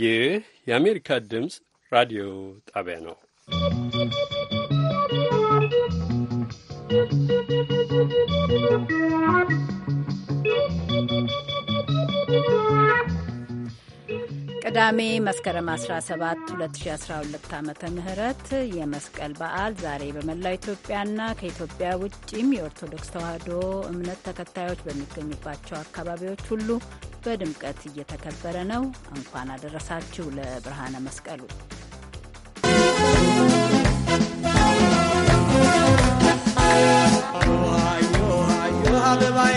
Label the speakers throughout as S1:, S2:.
S1: ይህ የአሜሪካ ድምፅ ራዲዮ ጣቢያ ነው።
S2: ቅዳሜ መስከረም 17 2012 ዓ ም የመስቀል በዓል ዛሬ በመላው ኢትዮጵያና ከኢትዮጵያ ውጭም የኦርቶዶክስ ተዋሕዶ እምነት ተከታዮች በሚገኙባቸው አካባቢዎች ሁሉ በድምቀት እየተከበረ ነው። እንኳን አደረሳችሁ ለብርሃነ መስቀሉ።
S3: አበባዬ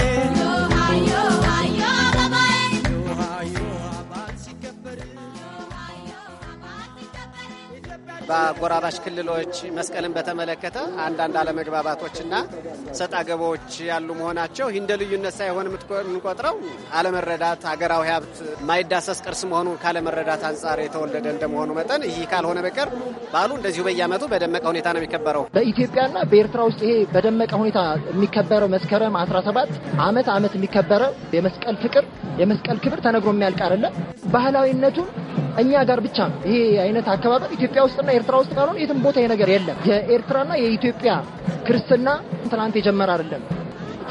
S4: በአጎራባሽ ክልሎች መስቀልን በተመለከተ አንዳንድ አለመግባባቶችና ሰጣ ገባዎች ያሉ መሆናቸው እንደ ልዩነት ሳይሆን የምንቆጥረው አለመረዳት አገራዊ ሀብት ማይዳሰስ ቅርስ መሆኑ ካለመረዳት አንጻር የተወለደ እንደመሆኑ መጠን ይህ ካልሆነ በቀር በዓሉ እንደዚሁ በየዓመቱ በደመቀ ሁኔታ ነው
S5: የሚከበረው። በኢትዮጵያና በኤርትራ ውስጥ ይሄ በደመቀ ሁኔታ የሚከበረው መስከረም 17 ዓመት ዓመት የሚከበረው የመስቀል ፍቅር የመስቀል ክብር ተነግሮ የሚያልቅ አይደለም። ባህላዊነቱን እኛ ጋር ብቻ ነው ይሄ አይነት አከባበር። ኢትዮጵያ ውስጥና ኤርትራ ውስጥ ካልሆነ የትም ቦታ ነገር የለም። የኤርትራና የኢትዮጵያ ክርስትና ትናንት የጀመረ አይደለም።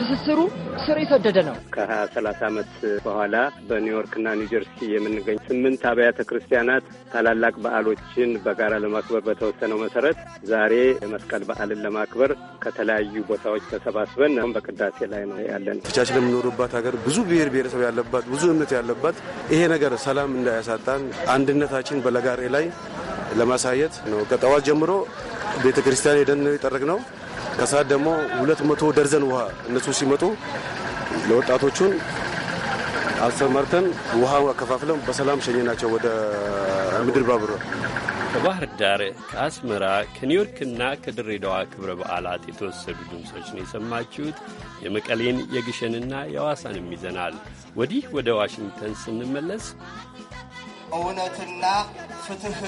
S5: ትስስሩ ስር የሰደደ ነው።
S6: ከሀያ ሰላሳ ዓመት በኋላ በኒውዮርክና ኒውጀርሲ የምንገኝ ስምንት አብያተ ክርስቲያናት ታላላቅ በዓሎችን በጋራ ለማክበር በተወሰነው መሰረት ዛሬ የመስቀል በዓልን ለማክበር ከተለያዩ ቦታዎች ተሰባስበን አሁን በቅዳሴ ላይ ነው ያለን። ብቻችን
S7: የምኖሩባት ሀገር ብዙ ብሔር ብሔረሰብ ያለባት ብዙ እምነት ያለባት ይሄ ነገር ሰላም እንዳያሳጣን አንድነታችን በለጋሬ ላይ ለማሳየት ነው። ከጠዋት ጀምሮ ቤተ ክርስቲያን ሄደን ነው የጠረግነው። ከሰዓት ደግሞ ሁለት መቶ ደርዘን ውሃ እነሱ ሲመጡ ለወጣቶቹን አሰማርተን ውሃ አከፋፍለን በሰላም ሸኘናቸው ወደ
S1: ምድር ባቡር። ከባህር ዳር፣ ከአስመራ፣ ከኒውዮርክና ከድሬዳዋ ክብረ በዓላት የተወሰዱ ድምፆች ነው የሰማችሁት። የመቀሌን የግሸንና የሐዋሳንም ይዘናል። ወዲህ ወደ ዋሽንግተን ስንመለስ
S8: እውነትና ፍትህ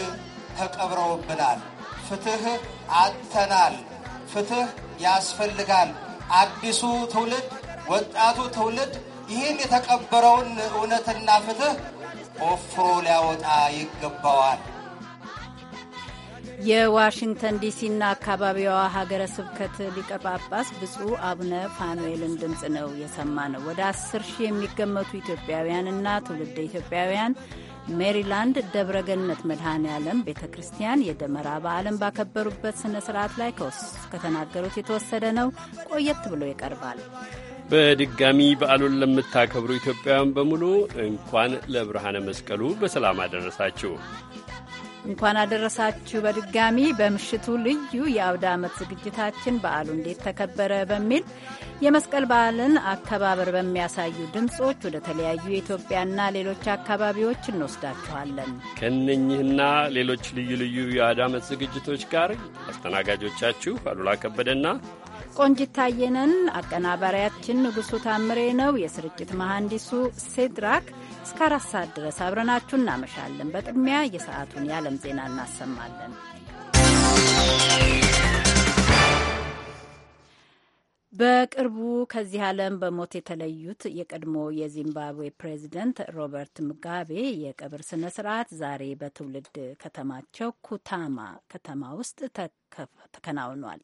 S8: ተቀብረውብናል፣ ፍትህ አጥተናል ፍትህ ያስፈልጋል። አዲሱ ትውልድ፣ ወጣቱ ትውልድ
S2: ይህን የተቀበረውን እውነትና ፍትህ
S8: ቆፍሮ ሊያወጣ ይገባዋል።
S2: የዋሽንግተን ዲሲና አካባቢዋ ሀገረ ስብከት ሊቀ ጳጳስ ብፁዕ አቡነ ፋኑኤልን ድምፅ ነው የሰማ ነው። ወደ አስር ሺህ የሚገመቱ ኢትዮጵያውያንና ትውልደ ኢትዮጵያውያን ሜሪላንድ ደብረገነት መድሃን መድኃኔ ዓለም ቤተ ክርስቲያን የደመራ በዓልን ባከበሩበት ስነ ስርዓት ላይ ከተናገሩት የተወሰደ ነው። ቆየት ብሎ ይቀርባል።
S1: በድጋሚ በዓሉን ለምታከብሩ ኢትዮጵያውያን በሙሉ እንኳን ለብርሃነ መስቀሉ በሰላም አደረሳችሁ።
S2: እንኳን አደረሳችሁ። በድጋሚ በምሽቱ ልዩ የአውደ ዓመት ዝግጅታችን በዓሉ እንዴት ተከበረ በሚል የመስቀል በዓልን አከባበር በሚያሳዩ ድምፆች ወደ ተለያዩ የኢትዮጵያና ሌሎች አካባቢዎች እንወስዳችኋለን።
S1: ከነኚህና ሌሎች ልዩ ልዩ የአውደ ዓመት ዝግጅቶች ጋር አስተናጋጆቻችሁ አሉላ ከበደና
S2: ቆንጂት ታየነን፣ አቀናባሪያችን ንጉሱ ታምሬ ነው። የስርጭት መሐንዲሱ ሴድራክ እስከ አራት ሰዓት ድረስ አብረናችሁ እናመሻለን። በቅድሚያ የሰዓቱን የዓለም ዜና እናሰማለን። በቅርቡ ከዚህ ዓለም በሞት የተለዩት የቀድሞ የዚምባብዌ ፕሬዚደንት ሮበርት ሙጋቤ የቀብር ስነ ስርዓት ዛሬ በትውልድ ከተማቸው ኩታማ ከተማ ውስጥ ተከናውኗል።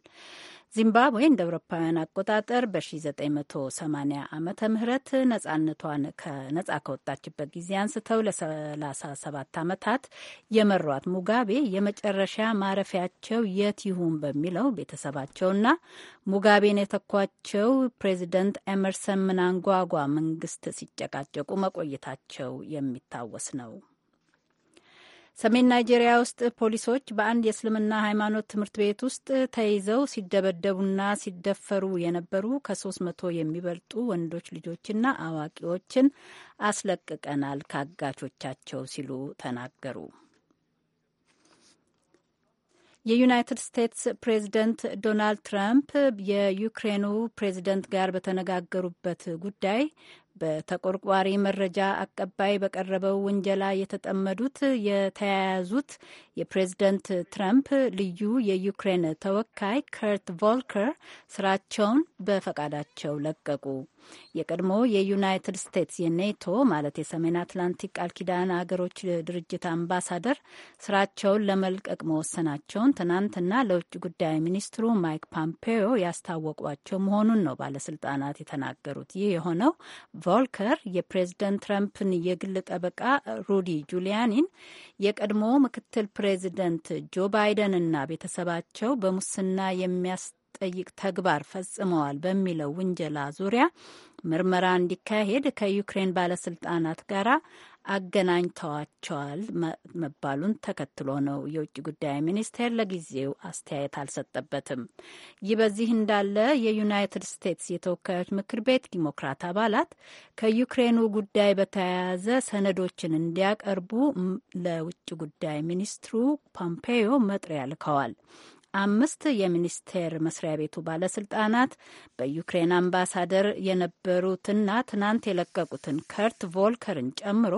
S2: ዚምባብዌ እንደ አውሮፓውያን አቆጣጠር በ1980 ዓመተ ምህረት ነጻነቷን ከነጻ ከወጣችበት ጊዜ አንስተው ለ37 ዓመታት የመሯት ሙጋቤ የመጨረሻ ማረፊያቸው የት ይሁን በሚለው ቤተሰባቸውና ሙጋቤን የተኳቸው ፕሬዚደንት ኤመርሰን ምናንጓጓ መንግስት ሲጨቃጨቁ መቆየታቸው የሚታወስ ነው። ሰሜን ናይጄሪያ ውስጥ ፖሊሶች በአንድ የእስልምና ሃይማኖት ትምህርት ቤት ውስጥ ተይዘው ሲደበደቡና ሲደፈሩ የነበሩ ከሶስት መቶ የሚበልጡ ወንዶች ልጆችና አዋቂዎችን አስለቅቀናል ከአጋቾቻቸው ሲሉ ተናገሩ። የዩናይትድ ስቴትስ ፕሬዝደንት ዶናልድ ትራምፕ የዩክሬኑ ፕሬዝደንት ጋር በተነጋገሩበት ጉዳይ በተቆርቋሪ መረጃ አቀባይ በቀረበው ውንጀላ የተጠመዱት የተያያዙት የፕሬዝደንት ትራምፕ ልዩ የዩክሬን ተወካይ ከርት ቮልከር ስራቸውን በፈቃዳቸው ለቀቁ። የቀድሞ የዩናይትድ ስቴትስ የኔቶ ማለት የሰሜን አትላንቲክ ቃል ኪዳን አገሮች ድርጅት አምባሳደር ስራቸውን ለመልቀቅ መወሰናቸውን ትናንትና ለውጭ ጉዳይ ሚኒስትሩ ማይክ ፖምፔዮ ያስታወቋቸው መሆኑን ነው ባለስልጣናት የተናገሩት። ይህ የሆነው ቮልከር የፕሬዝደንት ትረምፕን የግል ጠበቃ ሩዲ ጁሊያኒን የቀድሞ ምክትል ፕሬዚደንት ጆ ባይደንና ቤተሰባቸው በሙስና የሚያስ ጠይቅ ተግባር ፈጽመዋል በሚለው ውንጀላ ዙሪያ ምርመራ እንዲካሄድ ከዩክሬን ባለስልጣናት ጋር አገናኝተዋቸዋል መባሉን ተከትሎ ነው። የውጭ ጉዳይ ሚኒስቴር ለጊዜው አስተያየት አልሰጠበትም። ይህ በዚህ እንዳለ የዩናይትድ ስቴትስ የተወካዮች ምክር ቤት ዲሞክራት አባላት ከዩክሬኑ ጉዳይ በተያያዘ ሰነዶችን እንዲያቀርቡ ለውጭ ጉዳይ ሚኒስትሩ ፖምፔዮ መጥሪያ ልከዋል። አምስት የሚኒስቴር መስሪያ ቤቱ ባለስልጣናት በዩክሬን አምባሳደር የነበሩትና ትናንት የለቀቁትን ከርት ቮልከርን ጨምሮ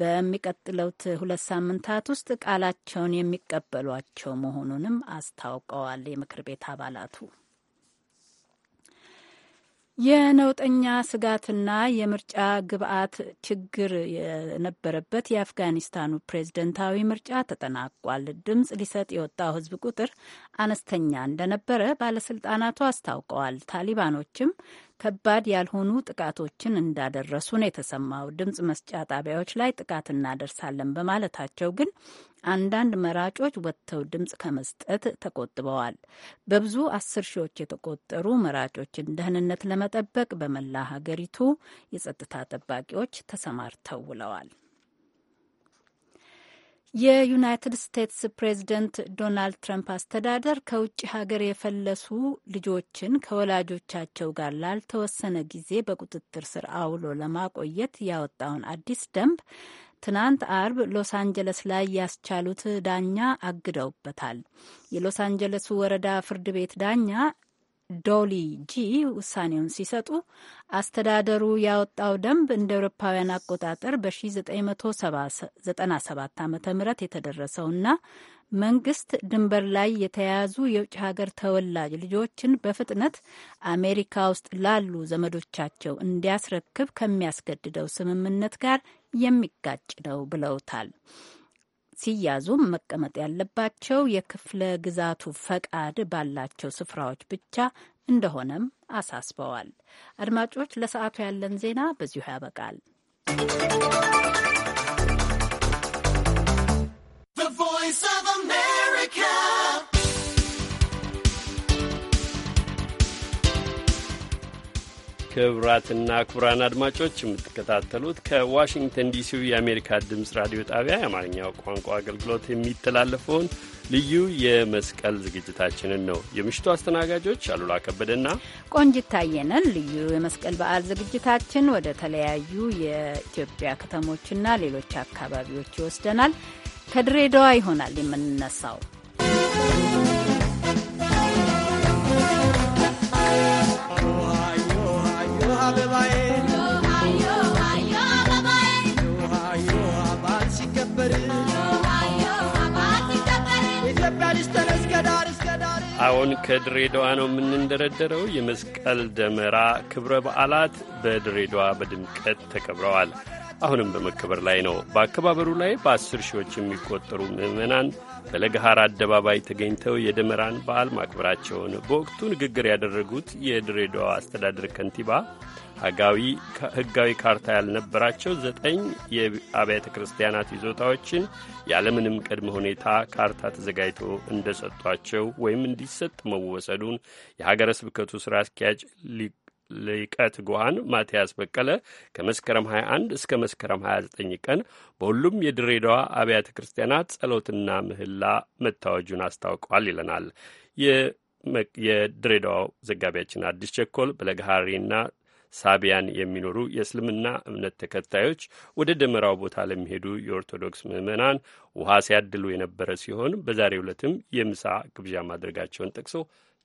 S2: በሚቀጥለውት ሁለት ሳምንታት ውስጥ ቃላቸውን የሚቀበሏቸው መሆኑንም አስታውቀዋል። የምክር ቤት አባላቱ የነውጠኛ ስጋትና የምርጫ ግብአት ችግር የነበረበት የአፍጋኒስታኑ ፕሬዝደንታዊ ምርጫ ተጠናቋል። ድምፅ ሊሰጥ የወጣው ህዝብ ቁጥር አነስተኛ እንደነበረ ባለስልጣናቱ አስታውቀዋል። ታሊባኖችም ከባድ ያልሆኑ ጥቃቶችን እንዳደረሱ ነው የተሰማው። ድምፅ መስጫ ጣቢያዎች ላይ ጥቃት እናደርሳለን በማለታቸው ግን አንዳንድ መራጮች ወጥተው ድምፅ ከመስጠት ተቆጥበዋል። በብዙ አስር ሺዎች የተቆጠሩ መራጮችን ደህንነት ለመጠበቅ በመላ ሀገሪቱ የጸጥታ ጠባቂዎች ተሰማርተው ውለዋል። የዩናይትድ ስቴትስ ፕሬዚደንት ዶናልድ ትራምፕ አስተዳደር ከውጭ ሀገር የፈለሱ ልጆችን ከወላጆቻቸው ጋር ላልተወሰነ ጊዜ በቁጥጥር ስር አውሎ ለማቆየት ያወጣውን አዲስ ደንብ ትናንት አርብ ሎስ አንጀለስ ላይ ያስቻሉት ዳኛ አግደውበታል። የሎስ አንጀለሱ ወረዳ ፍርድ ቤት ዳኛ ዶሊ ጂ ውሳኔውን ሲሰጡ አስተዳደሩ ያወጣው ደንብ እንደ አውሮፓውያን አቆጣጠር በ1997 ዓ ም የተደረሰውና መንግስት ድንበር ላይ የተያያዙ የውጭ ሀገር ተወላጅ ልጆችን በፍጥነት አሜሪካ ውስጥ ላሉ ዘመዶቻቸው እንዲያስረክብ ከሚያስገድደው ስምምነት ጋር የሚጋጭ ነው ብለውታል። ሲያዙም መቀመጥ ያለባቸው የክፍለ ግዛቱ ፈቃድ ባላቸው ስፍራዎች ብቻ እንደሆነም አሳስበዋል። አድማጮች፣ ለሰዓቱ ያለን ዜና በዚሁ ያበቃል።
S1: ክቡራትና ክቡራን አድማጮች የምትከታተሉት ከዋሽንግተን ዲሲው የአሜሪካ ድምፅ ራዲዮ ጣቢያ የአማርኛው ቋንቋ አገልግሎት የሚተላለፈውን ልዩ የመስቀል ዝግጅታችንን ነው። የምሽቱ አስተናጋጆች አሉላ ከበደና
S2: ቆንጂት ታየነን። ልዩ የመስቀል በዓል ዝግጅታችን ወደ ተለያዩ የኢትዮጵያ ከተሞችና ሌሎች አካባቢዎች ይወስደናል። ከድሬዳዋ ይሆናል የምንነሳው።
S1: አሁን ከድሬዳዋ ነው የምንደረደረው። የመስቀል ደመራ ክብረ በዓላት በድሬዳዋ በድምቀት ተከብረዋል። አሁንም በመከበር ላይ ነው። በአከባበሩ ላይ በአስር ሺዎች የሚቆጠሩ ምዕመናን በለገሃር አደባባይ ተገኝተው የደመራን በዓል ማክበራቸውን በወቅቱ ንግግር ያደረጉት የድሬዳዋ አስተዳደር ከንቲባ ህጋዊ ካርታ ያልነበራቸው ዘጠኝ የአብያተ ክርስቲያናት ይዞታዎችን ያለምንም ቅድመ ሁኔታ ካርታ ተዘጋጅቶ እንደሰጧቸው ወይም እንዲሰጥ መወሰዱን የሀገረ ስብከቱ ስራ አስኪያጅ ሊቀት ጉሃን ማቲያስ በቀለ ከመስከረም 21 እስከ መስከረም 29 ቀን በሁሉም የድሬዳዋ አብያተ ክርስቲያናት ጸሎትና ምህላ መታወጁን አስታውቀዋል ይለናል። የድሬዳዋው ዘጋቢያችን አዲስ ቸኮል በለገሃሪና ሳቢያን የሚኖሩ የእስልምና እምነት ተከታዮች ወደ ደመራው ቦታ ለሚሄዱ የኦርቶዶክስ ምዕመናን ውሃ ሲያድሉ የነበረ ሲሆን በዛሬ ዕለትም የምሳ ግብዣ ማድረጋቸውን ጠቅሶ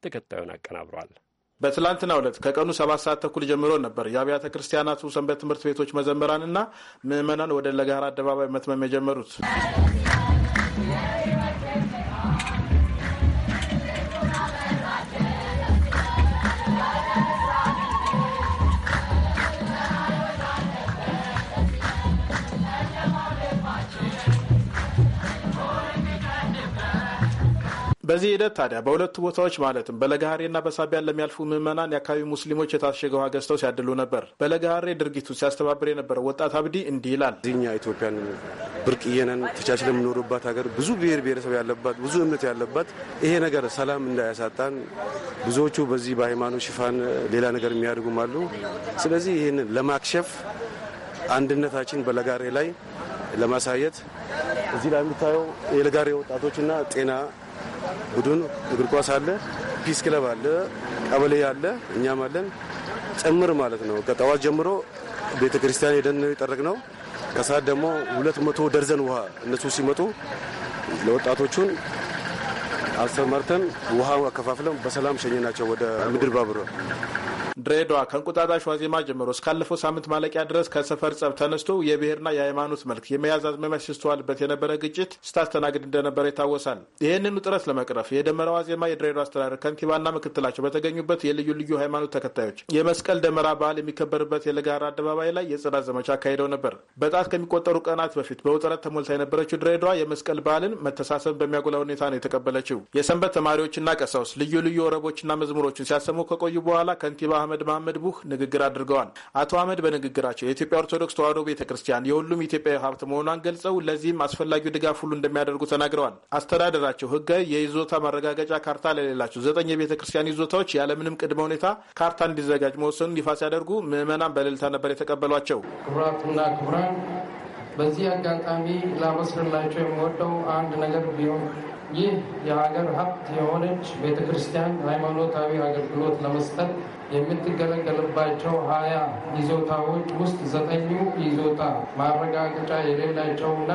S1: ተከታዩን አቀናብሯል።
S9: በትላንትና ዕለት ከቀኑ ሰባት ሰዓት ተኩል ጀምሮ ነበር የአብያተ ክርስቲያናቱ ሰንበት ትምህርት ቤቶች መዘመራንና ምዕመናን ወደ ለጋራ አደባባይ መትመም የጀመሩት። በዚህ ሂደት ታዲያ በሁለቱ ቦታዎች ማለትም በለጋሃሬና በሳቢያን ለሚያልፉ ምዕመናን የአካባቢ ሙስሊሞች የታሸገ ውሃ ገዝተው ሲያድሉ ነበር። በለጋሀሬ ድርጊቱ ሲያስተባብር የነበረው ወጣት አብዲ እንዲህ ይላል። እዚህኛ ኢትዮጵያን ብርቅየነን
S7: ተቻችለን የምኖርባት ሀገር ብዙ ብሔር ብሔረሰብ ያለባት ብዙ እምነት ያለባት ይሄ ነገር ሰላም እንዳያሳጣን ብዙዎቹ በዚህ በሃይማኖት ሽፋን ሌላ ነገር የሚያደርጉም አሉ። ስለዚህ ይህንን ለማክሸፍ አንድነታችን በለጋሬ ላይ ለማሳየት እዚህ ላይ የምታየው የለጋሬ ወጣቶችና ጤና ቡድን እግር ኳስ አለ፣ ፒስ ክለብ አለ፣ ቀበሌ አለ፣ እኛም አለን ጭምር ማለት ነው። ከጠዋት ጀምሮ ቤተ ክርስቲያን ሄደን የጠረቅ ነው። ከሰዓት ደግሞ ሁለት መቶ ደርዘን ውሃ እነሱ ሲመጡ ለወጣቶቹን አስተማርተን ውሃ አከፋፍለን
S9: በሰላም ሸኘናቸው ወደ ምድር ባቡር ድሬዳዋ ከእንቁጣጣሽ ዋዜማ ጀምሮ እስካለፈው ሳምንት ማለቂያ ድረስ ከሰፈር ጸብ ተነስቶ የብሔርና የሃይማኖት መልክ የመያዝ አዝማሚያ ሲስተዋልበት የነበረ ግጭት ስታስተናግድ እንደነበረ ይታወሳል። ይህንኑ ጥረት ለመቅረፍ የደመራ ዋዜማ የድሬዳዋ አስተዳደር ከንቲባና ምክትላቸው በተገኙበት የልዩ ልዩ ሃይማኖት ተከታዮች የመስቀል ደመራ በዓል የሚከበርበት የለጋራ አደባባይ ላይ የጽዳት ዘመቻ አካሂደው ነበር። በጣት ከሚቆጠሩ ቀናት በፊት በውጥረት ተሞልታ የነበረችው ድሬዳዋ የመስቀል በዓልን መተሳሰብ በሚያጎላ ሁኔታ ነው የተቀበለችው። የሰንበት ተማሪዎችና ቀሳውስ ልዩ ልዩ ወረቦችና መዝሙሮችን ሲያሰሙ ከቆዩ በኋላ ከንቲባ አህመድ መሐመድ ቡህ ንግግር አድርገዋል። አቶ አህመድ በንግግራቸው የኢትዮጵያ ኦርቶዶክስ ተዋሕዶ ቤተ ክርስቲያን የሁሉም ኢትዮጵያዊ ሀብት መሆኗን ገልጸው ለዚህም አስፈላጊው ድጋፍ ሁሉ እንደሚያደርጉ ተናግረዋል። አስተዳደራቸው ህጋዊ የይዞታ ማረጋገጫ ካርታ ለሌላቸው ዘጠኝ የቤተ ክርስቲያን ይዞታዎች ያለምንም ቅድመ ሁኔታ ካርታ እንዲዘጋጅ መወሰኑን ይፋ ሲያደርጉ ምዕመናን በእልልታ ነበር የተቀበሏቸው።
S3: ክቡራትና ክቡራን በዚህ አጋጣሚ ላበስርላቸው የምወደው አንድ ነገር ቢሆን ይህ የሀገር ሀብት የሆነች ቤተ ክርስቲያን ሃይማኖታዊ አገልግሎት ለመስጠት የምትገለገልባቸው ሀያ ይዞታዎች ውስጥ ዘጠኙ ይዞታ ማረጋገጫ የሌላቸውና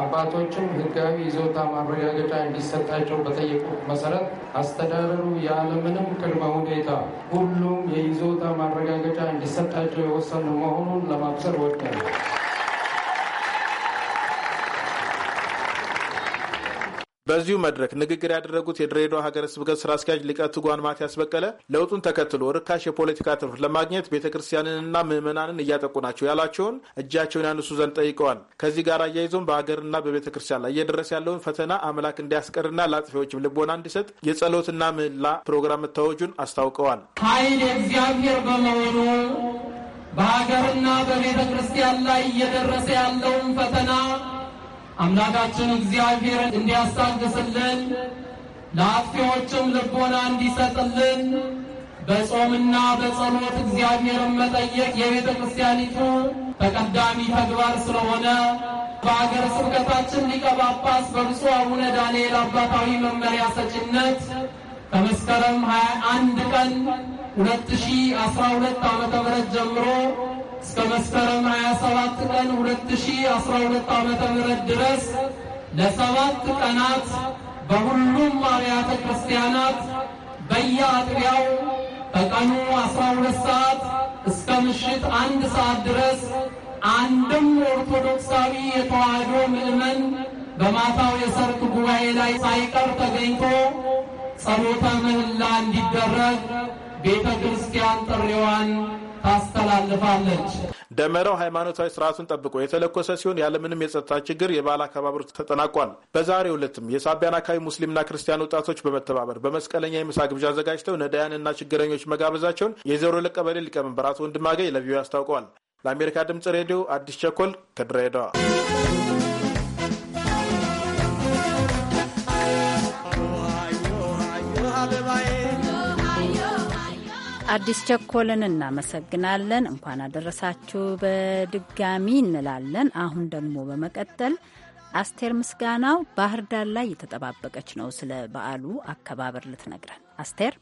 S3: አባቶችም ህጋዊ ይዞታ ማረጋገጫ እንዲሰጣቸው በጠየቁት መሰረት አስተዳደሩ ያለምንም ቅድመ ሁኔታ ሁሉም የይዞታ ማረጋገጫ እንዲሰጣቸው የወሰኑ መሆኑን ለማብሰር ወዳል።
S9: በዚሁ መድረክ ንግግር ያደረጉት የድሬዳዋ ሀገረ ስብከት ስራ አስኪያጅ ሊቀ ትጓን ማቲያስ በቀለ ለውጡን ተከትሎ ርካሽ የፖለቲካ ትርፍ ለማግኘት ቤተ ክርስቲያንንና ምዕመናንን እያጠቁ ናቸው ያላቸውን እጃቸውን ያነሱ ዘንድ ጠይቀዋል። ከዚህ ጋር አያይዞም በሀገርና በቤተ ክርስቲያን ላይ እየደረሰ ያለውን ፈተና አምላክ እንዲያስቀርና ለአጥፊዎችም ልቦና እንዲሰጥ የጸሎትና ምህላ ፕሮግራም መታወጁን አስታውቀዋል።
S3: ኃይል የእግዚአብሔር በመሆኑ በሀገርና በቤተ ክርስቲያን ላይ እየደረሰ ያለውን ፈተና አምላካችን እግዚአብሔር እንዲያስታግስልን ለአጥፊዎችም ልቦና እንዲሰጥልን በጾምና በጸሎት እግዚአብሔርን መጠየቅ የቤተ ክርስቲያኒቱ ተቀዳሚ ተግባር ስለሆነ በአገር ስብከታችን ሊቀ ጳጳስ በብፁዕ አቡነ ዳንኤል አባታዊ መመሪያ ሰጭነት ከመስከረም 21 ቀን 2012 ዓ.ም ጀምሮ እስከ መስከረም 27 ቀን 2012 ዓመተ ምህረት ድረስ ለሰባት ቀናት በሁሉም አብያተ ክርስቲያናት በየአጥቢያው ከቀኑ 12 ሰዓት እስከ ምሽት አንድ ሰዓት ድረስ አንድም ኦርቶዶክሳዊ የተዋህዶ ምዕመን በማታው የሰርክ ጉባኤ ላይ ሳይቀር ተገኝቶ ጸሎተ ምህላ እንዲደረግ ቤተ ክርስቲያን ጥሪዋን ታስተላልፋለች።
S9: ደመራው ሃይማኖታዊ ስርዓቱን ጠብቆ የተለኮሰ ሲሆን ያለምንም የጸጥታ ችግር የበዓል አከባበር ተጠናቋል። በዛሬው ዕለትም የሳቢያን አካባቢ ሙስሊምና ክርስቲያን ወጣቶች በመተባበር በመስቀለኛ የምሳ ግብዣ አዘጋጅተው ነዳያንና ችግረኞች መጋበዛቸውን የዘሮ ለቀበሌ ሊቀመንበር አቶ ወንድማገኝ ለቪዮ አስታውቀዋል። ለአሜሪካ ድምጽ ሬዲዮ አዲስ ቸኮል ከድሬዳዋ
S2: አዲስ ቸኮልን እናመሰግናለን። እንኳን አደረሳችሁ በድጋሚ እንላለን። አሁን ደግሞ በመቀጠል አስቴር ምስጋናው ባህር ዳር ላይ እየተጠባበቀች ነው ስለ በዓሉ አከባበር ልትነግረን። አስቴር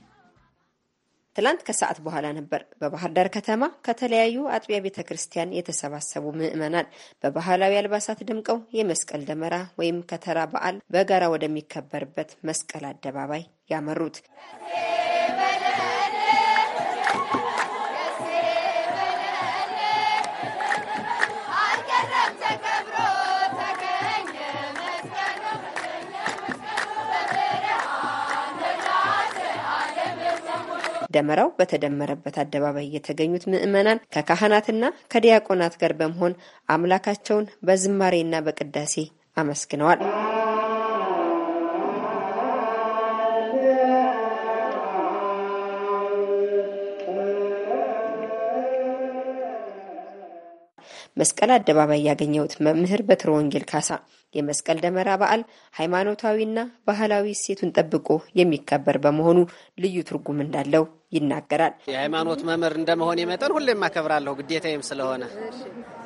S2: ትላንት ከሰዓት በኋላ ነበር በባህር ዳር ከተማ ከተለያዩ
S10: አጥቢያ ቤተ ክርስቲያን የተሰባሰቡ ምዕመናን በባህላዊ አልባሳት ደምቀው የመስቀል ደመራ ወይም ከተራ በዓል በጋራ ወደሚከበርበት መስቀል አደባባይ ያመሩት። ደመራው በተደመረበት አደባባይ የተገኙት ምዕመናን ከካህናትና ከዲያቆናት ጋር በመሆን አምላካቸውን በዝማሬና በቅዳሴ አመስግነዋል። መስቀል አደባባይ ያገኘሁት መምህር በትረ ወንጌል ካሳ የመስቀል ደመራ በዓል ሃይማኖታዊና ባህላዊ እሴቱን ጠብቆ የሚከበር በመሆኑ ልዩ ትርጉም እንዳለው ይናገራል።
S4: የሃይማኖት መምህር እንደመሆን መጠን ሁሌም አከብራለሁ፣ ግዴታዬም ስለሆነ።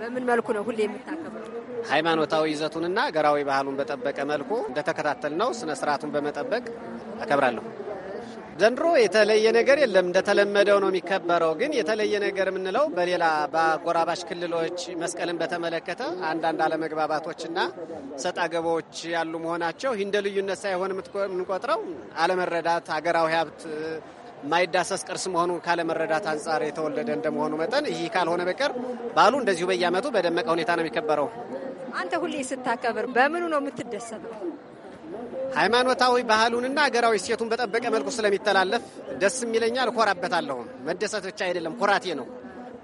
S10: በምን መልኩ ነው ሁሌ የምታከብረው?
S4: ሃይማኖታዊ ይዘቱንና ሀገራዊ ባህሉን በጠበቀ መልኩ እንደተከታተል ነው ስነ ስርዓቱን በመጠበቅ አከብራለሁ። ዘንድሮ የተለየ ነገር የለም። እንደተለመደው ነው የሚከበረው። ግን የተለየ ነገር የምንለው በሌላ በአጎራባሽ ክልሎች መስቀልን በተመለከተ አንዳንድ አለመግባባቶችና ሰጣ ገባዎች ያሉ መሆናቸው እንደ ልዩነት ሳይሆን የምንቆጥረው አለመረዳት አገራዊ ሀብት ማይዳሰስ ቅርስ መሆኑ ካለመረዳት አንጻር የተወለደ እንደመሆኑ መጠን ይህ ካልሆነ በቀር በዓሉ እንደዚሁ በየዓመቱ በደመቀ ሁኔታ ነው የሚከበረው።
S10: አንተ ሁሌ ስታከብር በምኑ ነው የምትደሰተው?
S4: ሃይማኖታዊ ባህሉንና ሀገራዊ እሴቱን በጠበቀ መልኩ ስለሚተላለፍ የሚለኛ ይለኛል፣ እኮራበታለሁም። መደሰት ብቻ አይደለም ኩራቴ ነው፣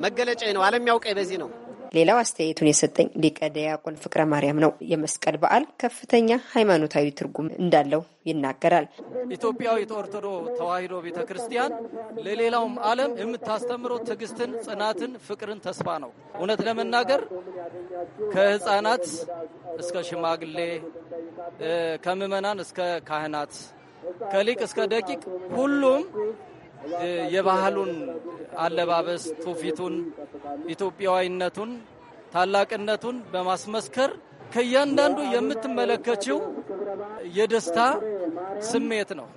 S4: መገለጫዬ ነው። ዓለም ያውቀኝ በዚህ ነው።
S10: ሌላው አስተያየቱን የሰጠኝ ሊቀ ዲያቆን ፍቅረ ማርያም ነው። የመስቀል በዓል ከፍተኛ ሃይማኖታዊ ትርጉም እንዳለው ይናገራል።
S11: ኢትዮጵያዊት ኦርቶዶክስ ተዋሕዶ ቤተ ክርስቲያን ለሌላውም ዓለም የምታስተምረው ትዕግስትን፣ ጽናትን፣ ፍቅርን፣ ተስፋ ነው። እውነት ለመናገር ከህፃናት እስከ ሽማግሌ ከምዕመናን እስከ ካህናት ከሊቅ እስከ ደቂቅ ሁሉም
S3: የባህሉን አለባበስ፣ ትውፊቱን፣
S11: ኢትዮጵያዊነቱን፣ ታላቅነቱን በማስመስከር ከእያንዳንዱ የምትመለከችው የደስታ ስሜት ነው።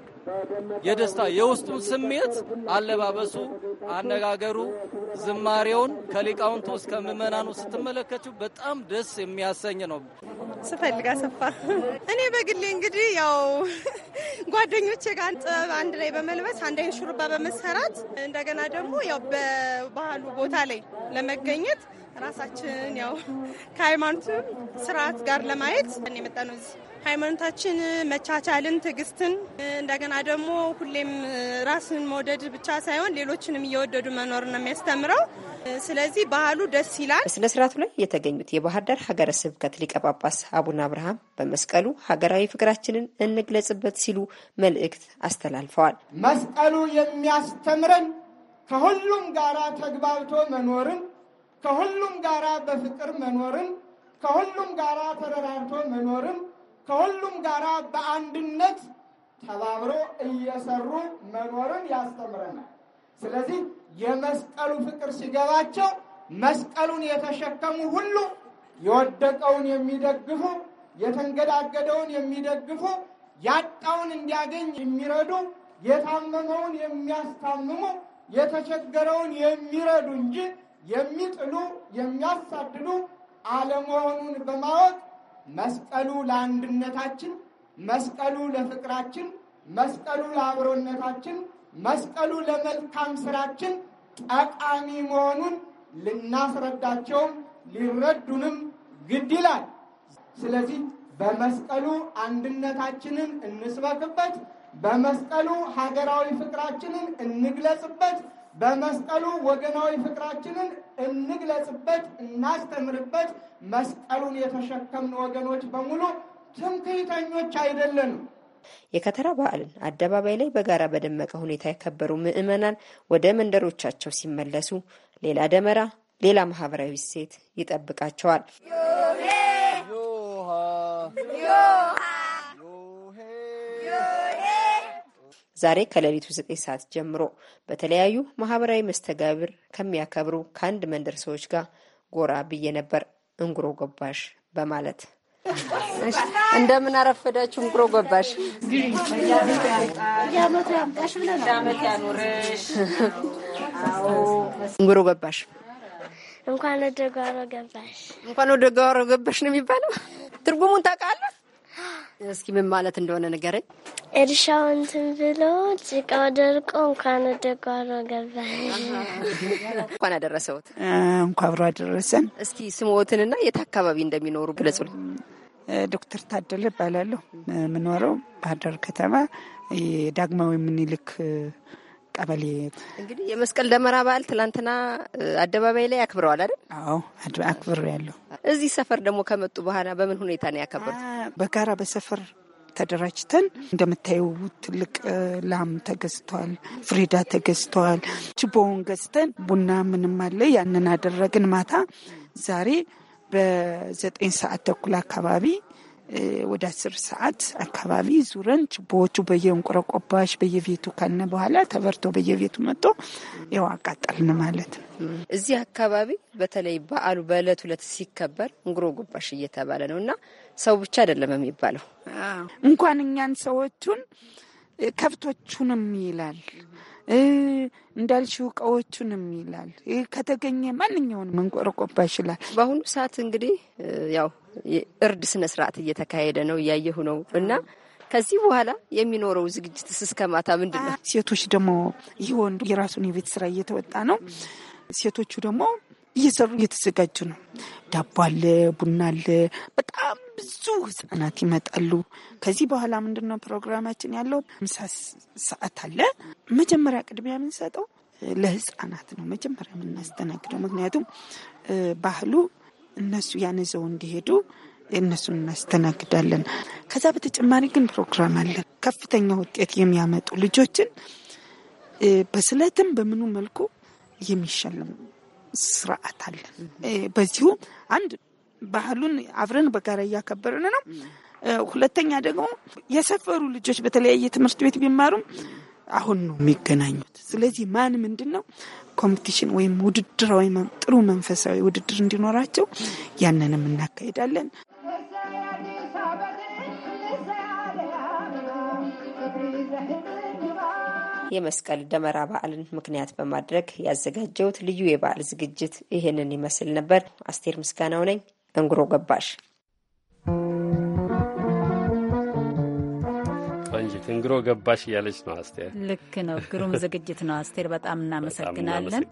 S11: የደስታ የውስጡን ስሜት አለባበሱ፣ አነጋገሩ፣ ዝማሬውን ከሊቃውንቱ እስከ ምዕመናኑ ስትመለከችው በጣም ደስ የሚያሰኝ ነው።
S12: ስፈልጋ ሰፋ እኔ በግሌ እንግዲህ ያው ጓደኞቼ ጋር ጥበብ አንድ ላይ በመልበስ አንድ አይነት ሹርባ በመሰራት እንደገና ደግሞ ያው በባህሉ ቦታ ላይ ለመገኘት ራሳችን ያው ከሃይማኖቱ ስርዓት ጋር ለማየት የመጣ ነው እዚህ ሃይማኖታችን መቻቻልን፣ ትዕግስትን እንደገና ደግሞ ሁሌም ራስን መውደድ ብቻ ሳይሆን ሌሎችንም እየወደዱ መኖር ነው የሚያስተምረው። ስለዚህ
S10: ባህሉ ደስ ይላል። በስነ ስርዓቱ ላይ የተገኙት የባህር ዳር ሀገረ ስብከት ሊቀ ጳጳስ አቡነ አብርሃም በመስቀሉ ሀገራዊ ፍቅራችንን እንግለጽበት ሲሉ መልእክት አስተላልፈዋል።
S13: መስቀሉ የሚያስተምረን ከሁሉም ጋራ ተግባብቶ መኖርን፣ ከሁሉም ጋራ በፍቅር መኖርን፣ ከሁሉም ጋራ ተረራርቶ መኖርን ከሁሉም ጋራ በአንድነት ተባብሮ እየሰሩ መኖርን ያስተምረናል። ስለዚህ የመስቀሉ ፍቅር ሲገባቸው መስቀሉን የተሸከሙ ሁሉ የወደቀውን የሚደግፉ፣ የተንገዳገደውን የሚደግፉ፣ ያጣውን እንዲያገኝ የሚረዱ፣ የታመመውን የሚያስታምሙ፣ የተቸገረውን የሚረዱ እንጂ የሚጥሉ፣ የሚያሳድዱ አለመሆኑን በማወቅ መስቀሉ ለአንድነታችን፣ መስቀሉ ለፍቅራችን፣ መስቀሉ ለአብሮነታችን፣ መስቀሉ ለመልካም ስራችን ጠቃሚ መሆኑን ልናስረዳቸውም ሊረዱንም ግድ ይላል። ስለዚህ በመስቀሉ አንድነታችንን እንስበክበት፣ በመስቀሉ ሀገራዊ ፍቅራችንን እንግለጽበት፣ በመስቀሉ ወገናዊ ፍቅራችንን እንግለጽበት፣ እናስተምርበት። መስቀሉን የተሸከምን ወገኖች በሙሉ ትምክህተኞች አይደለንም።
S10: የከተራ በዓልን አደባባይ ላይ በጋራ በደመቀ ሁኔታ የከበሩ ምዕመናን ወደ መንደሮቻቸው ሲመለሱ ሌላ ደመራ፣ ሌላ ማህበራዊ እሴት ይጠብቃቸዋል። ዛሬ ከሌሊቱ ዘጠኝ ሰዓት ጀምሮ በተለያዩ ማህበራዊ መስተጋብር ከሚያከብሩ ከአንድ መንደር ሰዎች ጋር ጎራ ብዬ ነበር እንጉሮ ገባሽ በማለት እንደምን አረፈዳችሁ እንቁሮ ገባሽ። እንቁሮ ገባሽ
S2: እንኳን ወደ ጓሮ ገባሽ
S10: እንኳን ወደ ጓሮ ገባሽ ነው የሚባለው። ትርጉሙን ታውቃለህ? እስኪ ምን ማለት እንደሆነ ንገረኝ። እርሻው እንትን ብሎ ጭቃው ደርቆ እንኳን ወደ ጓሮ ገባ። እንኳን አደረሰውት። እንኳ
S12: አብሮ አደረሰን።
S10: እስኪ ስምዎትንና የት አካባቢ እንደሚኖሩ ግለጹልኝ። ዶክተር ታደለ እባላለሁ።
S12: የምኖረው ባህርዳር ከተማ የዳግማዊ ምኒልክ ቀበሌ።
S10: እንግዲህ የመስቀል ደመራ በዓል ትላንትና አደባባይ ላይ አክብረዋል አይደል?
S12: አዎ አክብሬያለሁ።
S10: እዚህ ሰፈር ደግሞ ከመጡ በኋላ በምን ሁኔታ ነው ያከበሩት?
S12: በጋራ በሰፈር ተደራጅተን እንደምታየው ትልቅ ላም ተገዝቷል፣ ፍሪዳ ተገዝተዋል። ችቦውን ገዝተን ቡና ምንም አለ ያንን አደረግን። ማታ ዛሬ በዘጠኝ ሰዓት ተኩል አካባቢ ወደ አስር ሰዓት አካባቢ ዙረን ችቦዎቹ በየእንቁረቆባሽ በየቤቱ ካነ በኋላ ተበርቶ በየቤቱ መጥቶ ያው አቃጠልን ማለት ነው።
S10: እዚህ አካባቢ በተለይ በዓሉ በዕለት ሁለት ሲከበር እንጉሮ ጉባሽ እየተባለ ነው እና ሰው ብቻ አይደለም የሚባለው እንኳን እኛን ሰዎቹን ከብቶቹንም ይላል እንዳልሽው እቃዎቹንም ይላል። ከተገኘ ማንኛውን መንቆረቆባ ይችላል። በአሁኑ ሰዓት እንግዲህ ያው እርድ ስነ ስርዓት እየተካሄደ ነው እያየሁ ነው እና ከዚህ በኋላ የሚኖረው ዝግጅት እስከ ማታ ምንድን ነው? ሴቶች ደግሞ ይህ ወንዱ የራሱን የቤት ስራ እየተወጣ ነው። ሴቶቹ ደግሞ እየሰሩ
S12: እየተዘጋጁ ነው። ዳቦ አለ፣ ቡና አለ። በጣም ብዙ ህጻናት ይመጣሉ። ከዚህ በኋላ ምንድን ነው ፕሮግራማችን ያለው? ምሳ ሰዓት አለ። መጀመሪያ ቅድሚያ የምንሰጠው ለህጻናት ነው፣ መጀመሪያ የምናስተናግደው። ምክንያቱም ባህሉ እነሱ ያነዘው እንዲሄዱ እነሱን እናስተናግዳለን። ከዛ በተጨማሪ ግን ፕሮግራም አለን። ከፍተኛ ውጤት የሚያመጡ ልጆችን በስለትም በምኑ መልኩ የሚሸልም ስርዓት አለ በዚሁ አንድ ባህሉን አብረን በጋራ እያከበርን ነው። ሁለተኛ ደግሞ የሰፈሩ ልጆች በተለያየ ትምህርት ቤት ቢማሩም አሁን ነው የሚገናኙት። ስለዚህ ማን ምንድን ነው ኮምፒቲሽን ወይም ውድድራዊ ጥሩ መንፈሳዊ ውድድር እንዲኖራቸው ያንንም እናካሄዳለን።
S10: የመስቀል ደመራ በዓልን ምክንያት በማድረግ ያዘጋጀውት ልዩ የበዓል ዝግጅት ይህንን ይመስል ነበር። አስቴር ምስጋናው ነኝ። እንግሮ ገባሽ
S1: ቆንጅት እንግሮ ገባሽ እያለች ነው አስቴር።
S2: ልክ ነው። ግሩም ዝግጅት ነው አስቴር። በጣም እናመሰግናለን።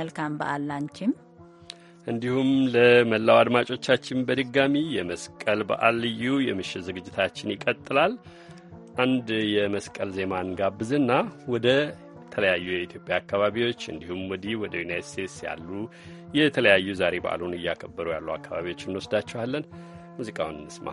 S2: መልካም በዓል ላንቺም፣
S1: እንዲሁም ለመላው አድማጮቻችን በድጋሚ የመስቀል በዓል ልዩ የምሽት ዝግጅታችን ይቀጥላል። አንድ የመስቀል ዜማን ጋብዝና ወደ ተለያዩ የኢትዮጵያ አካባቢዎች እንዲሁም ወዲህ ወደ ዩናይት ስቴትስ ያሉ የተለያዩ ዛሬ በዓሉን እያከበሩ ያሉ አካባቢዎች እንወስዳችኋለን። ሙዚቃውን እንስማ።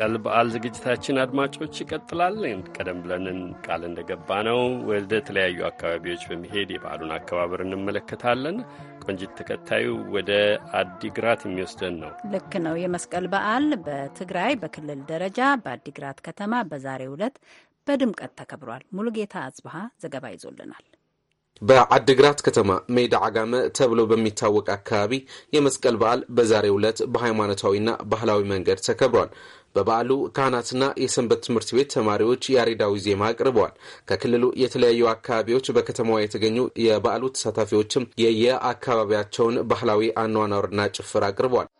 S1: የመስቀል በዓል ዝግጅታችን አድማጮች ይቀጥላል። ቀደም ብለን ቃል እንደገባ ነው ወደ ተለያዩ አካባቢዎች በመሄድ የበዓሉን አከባበር እንመለከታለን። ቆንጂት፣ ተከታዩ ወደ አዲግራት የሚወስደን ነው።
S2: ልክ ነው። የመስቀል በዓል በትግራይ በክልል ደረጃ በአዲግራት ከተማ በዛሬው ዕለት በድምቀት ተከብሯል። ሙሉጌታ አጽብሃ ዘገባ ይዞልናል።
S14: በአድግራት ከተማ ሜዳ አጋመ ተብሎ በሚታወቅ አካባቢ የመስቀል በዓል በዛሬው ዕለት በሃይማኖታዊና ባህላዊ መንገድ ተከብሯል። በበዓሉ ካህናትና የሰንበት ትምህርት ቤት ተማሪዎች ያሬዳዊ ዜማ አቅርበዋል። ከክልሉ የተለያዩ አካባቢዎች በከተማዋ የተገኙ የበዓሉ ተሳታፊዎችም የየአካባቢያቸውን ባህላዊ አኗኗርና ጭፍር አቅርበዋል።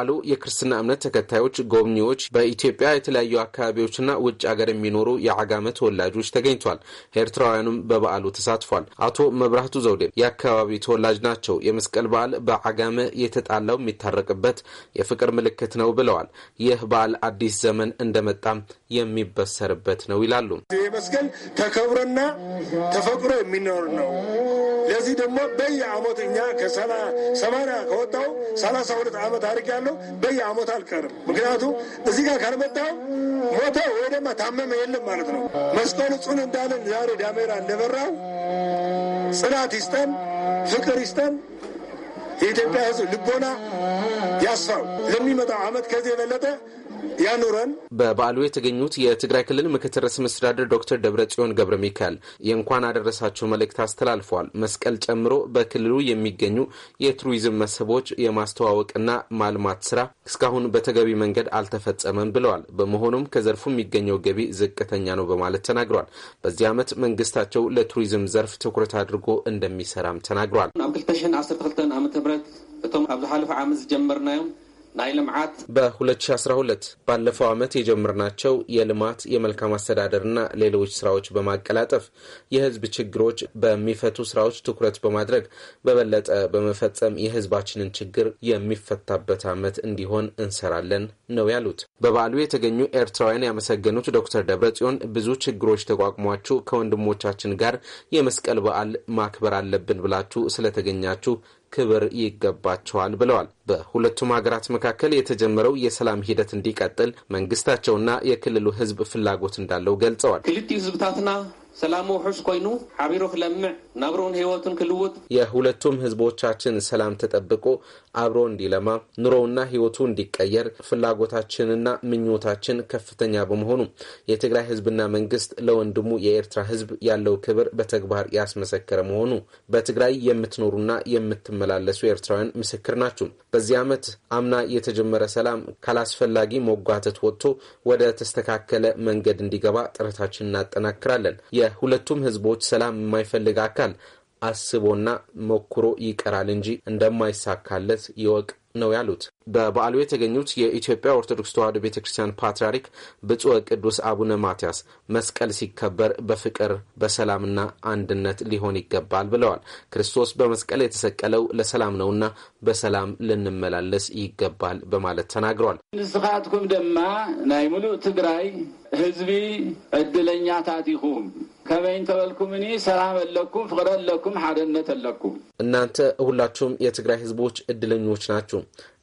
S14: በዓሉ የክርስትና እምነት ተከታዮች፣ ጎብኚዎች፣ በኢትዮጵያ የተለያዩ አካባቢዎችና ውጭ ሀገር የሚኖሩ የአጋመ ተወላጆች ተገኝቷል። ኤርትራውያኑም በበዓሉ ተሳትፏል። አቶ መብራህቱ ዘውዴ የአካባቢው ተወላጅ ናቸው። የመስቀል በዓል በአጋመ የተጣላው የሚታረቅበት የፍቅር ምልክት ነው ብለዋል። ይህ በዓል አዲስ ዘመን እንደመጣም የሚበሰርበት ነው ይላሉ።
S7: መስቀል ተከብሮና ተፈቅሮ የሚኖር ነው። ለዚህ ደግሞ በየአመቱ እኛ ከሰማንያ ከወጣው ሰላሳ ሁለት ዓመት አርግ ያለው በየአመቱ አልቀርም። ምክንያቱም እዚህ ጋር ካልመጣው ሞተ ወይ ደግሞ ታመመ የለም ማለት ነው። መስቀሉ ጽኑ እንዳለን ዛሬ ዳሜራ እንደበራው ጽናት ይስጠን፣ ፍቅር ይስጠን። የኢትዮጵያ ሕዝብ ልቦና ያስፋው። ለሚመጣው አመት ከዚህ የበለጠ
S14: ያኖረን። በበዓሉ የተገኙት የትግራይ ክልል ምክትል ርዕሰ መስተዳደር ዶክተር ደብረጽዮን ገብረ ሚካኤል የእንኳን አደረሳቸው መልእክት አስተላልፈዋል። መስቀል ጨምሮ በክልሉ የሚገኙ የቱሪዝም መስህቦች የማስተዋወቅና ማልማት ስራ እስካሁን በተገቢ መንገድ አልተፈጸመም ብለዋል። በመሆኑም ከዘርፉ የሚገኘው ገቢ ዝቅተኛ ነው በማለት ተናግሯል። በዚህ ዓመት መንግስታቸው ለቱሪዝም ዘርፍ ትኩረት አድርጎ እንደሚሰራም ተናግሯል። ኣብ 2012 ዓ ም እቶም ኣብ ዝሓለፈ ዓመት ዝጀመርናዮም ልምዓት በ2012 ባለፈው ዓመት የጀመርናቸው የልማት የመልካም አስተዳደርና ሌሎች ስራዎች በማቀላጠፍ የህዝብ ችግሮች በሚፈቱ ስራዎች ትኩረት በማድረግ በበለጠ በመፈጸም የህዝባችንን ችግር የሚፈታበት ዓመት እንዲሆን እንሰራለን ነው ያሉት። በበዓሉ የተገኙ ኤርትራውያን ያመሰገኑት ዶክተር ደብረ ጽዮን ብዙ ችግሮች ተቋቁሟችሁ ከወንድሞቻችን ጋር የመስቀል በዓል ማክበር አለብን ብላችሁ ስለተገኛችሁ ክብር ይገባቸዋል ብለዋል። በሁለቱም ሀገራት መካከል የተጀመረው የሰላም ሂደት እንዲቀጥል መንግስታቸውና የክልሉ ህዝብ ፍላጎት እንዳለው ገልጸዋል። ክልቲ ህዝብታትና ሰላሙ ውሑስ ኮይኑ ሓቢሩ ክለምዕ ናብርኡን ህይወቱን ክልውጥ የሁለቱም ህዝቦቻችን ሰላም ተጠብቆ አብሮ እንዲለማ ኑሮውና ህይወቱ እንዲቀየር ፍላጎታችንና ምኞታችን ከፍተኛ በመሆኑ የትግራይ ህዝብና መንግስት ለወንድሙ የኤርትራ ህዝብ ያለው ክብር በተግባር ያስመሰከረ መሆኑ በትግራይ የምትኖሩና የምትመላለሱ ኤርትራውያን ምስክር ናችሁ። በዚህ ዓመት አምና የተጀመረ ሰላም ካላስፈላጊ ሞጓተት ወጥቶ ወደ ተስተካከለ መንገድ እንዲገባ ጥረታችን እናጠናክራለን። ለሁለቱም ህዝቦች ሰላም የማይፈልግ አካል አስቦና ሞክሮ ይቀራል እንጂ እንደማይሳካለት ይወቅ ነው ያሉት። በበዓሉ የተገኙት የኢትዮጵያ ኦርቶዶክስ ተዋሕዶ ቤተ ክርስቲያን ፓትርያርክ ብፁዕ ቅዱስ አቡነ ማትያስ መስቀል ሲከበር በፍቅር በሰላምና አንድነት ሊሆን ይገባል ብለዋል። ክርስቶስ በመስቀል የተሰቀለው ለሰላም ነውና በሰላም ልንመላለስ ይገባል በማለት ተናግሯል።
S11: ንስኻትኩም ደማ ናይ ሙሉእ ትግራይ ህዝቢ እድለኛታት ይኹም ከበይን ተበልኩምኒ ሰላም ለኩም ፍቅረ ለኩም ሓደነት
S14: ኣለኩም። እናንተ ሁላችሁም የትግራይ ህዝቦች እድለኞች ናችሁ።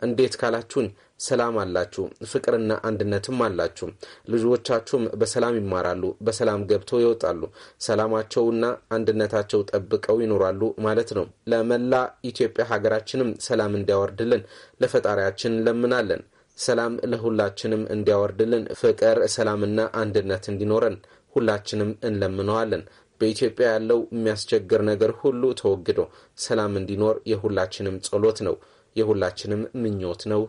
S14: እንዴት ካላችሁኝ ሰላም አላችሁ፣ ፍቅርና አንድነትም አላችሁ። ልጆቻችሁም በሰላም ይማራሉ፣ በሰላም ገብተው ይወጣሉ። ሰላማቸውና አንድነታቸው ጠብቀው ይኖራሉ ማለት ነው። ለመላ ኢትዮጵያ ሀገራችንም ሰላም እንዲያወርድልን ለፈጣሪያችን እንለምናለን። ሰላም ለሁላችንም እንዲያወርድልን፣ ፍቅር ሰላምና አንድነት እንዲኖረን ሁላችንም እንለምነዋለን። በኢትዮጵያ ያለው የሚያስቸግር ነገር ሁሉ ተወግዶ ሰላም እንዲኖር የሁላችንም ጸሎት ነው፣ የሁላችንም ምኞት ነው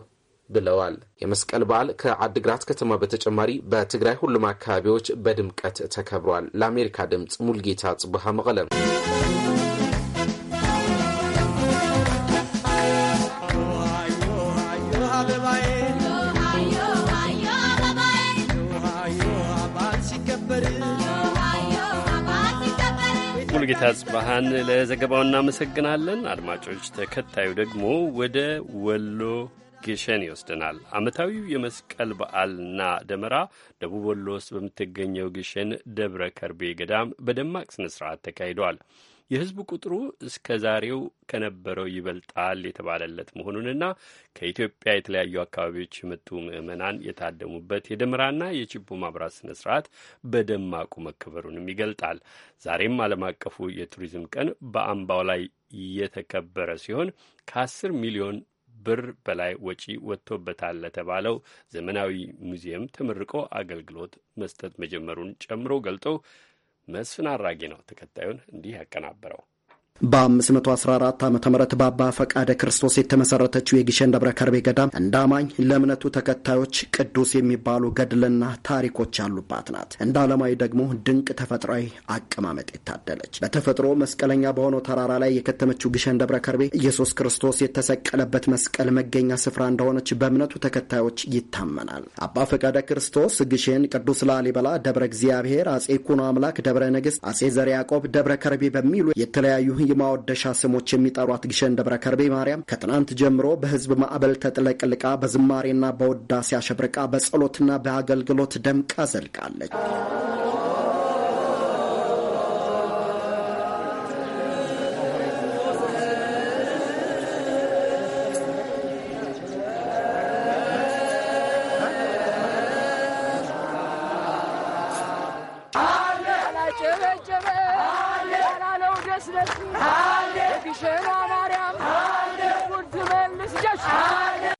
S14: ብለዋል። የመስቀል በዓል ከአድግራት ከተማ በተጨማሪ በትግራይ ሁሉም አካባቢዎች በድምቀት ተከብሯል። ለአሜሪካ ድምፅ ሙልጌታ ጽቡሃ መቀለም
S8: ይከበር።
S1: ሙሉጌታ ጽባሃን ለዘገባው እናመሰግናለን። አድማጮች፣ ተከታዩ ደግሞ ወደ ወሎ ግሸን ይወስደናል። ዓመታዊው የመስቀል በዓልና ደመራ ደቡብ ወሎ ውስጥ በምትገኘው ግሸን ደብረ ከርቤ ገዳም በደማቅ ስነ ስርዓት ተካሂደዋል። የህዝቡ ቁጥሩ እስከ ዛሬው ከነበረው ይበልጣል የተባለለት መሆኑንና ከኢትዮጵያ የተለያዩ አካባቢዎች የመጡ ምዕመናን የታደሙበት የደመራና የችቦ ማብራት ስነ ስርዓት በደማቁ መከበሩንም ይገልጣል። ዛሬም ዓለም አቀፉ የቱሪዝም ቀን በአምባው ላይ የተከበረ ሲሆን ከአስር ሚሊዮን ብር በላይ ወጪ ወጥቶበታል ለተባለው ዘመናዊ ሙዚየም ተመርቆ አገልግሎት መስጠት መጀመሩን ጨምሮ ገልጦ መስፍን አራጌ ነው ተከታዩን እንዲህ ያቀናበረው።
S15: በ514 ዓ ም በአባ ፈቃደ ክርስቶስ የተመሰረተችው የግሸን ደብረ ከርቤ ገዳም እንደ አማኝ ለእምነቱ ተከታዮች ቅዱስ የሚባሉ ገድልና ታሪኮች ያሉባት ናት። እንደ አለማዊ ደግሞ ድንቅ ተፈጥሯዊ አቀማመጥ የታደለች በተፈጥሮ መስቀለኛ በሆነው ተራራ ላይ የከተመችው ግሸን ደብረ ከርቤ ኢየሱስ ክርስቶስ የተሰቀለበት መስቀል መገኛ ስፍራ እንደሆነች በእምነቱ ተከታዮች ይታመናል። አባ ፈቃደ ክርስቶስ ግሸን፣ ቅዱስ ላሊበላ፣ ደብረ እግዚአብሔር፣ አጼ ኩኖ አምላክ፣ ደብረ ንግሥት፣ አጼ ዘር ያዕቆብ፣ ደብረ ከርቤ በሚሉ የተለያዩ የማወደሻ ስሞች የሚጠሯት ግሸን ደብረ ከርቤ ማርያም ከትናንት ጀምሮ በህዝብ ማዕበል ተጥለቅልቃ በዝማሬና በወዳሴ አሸብርቃ በጸሎትና በአገልግሎት ደምቃ ዘልቃለች።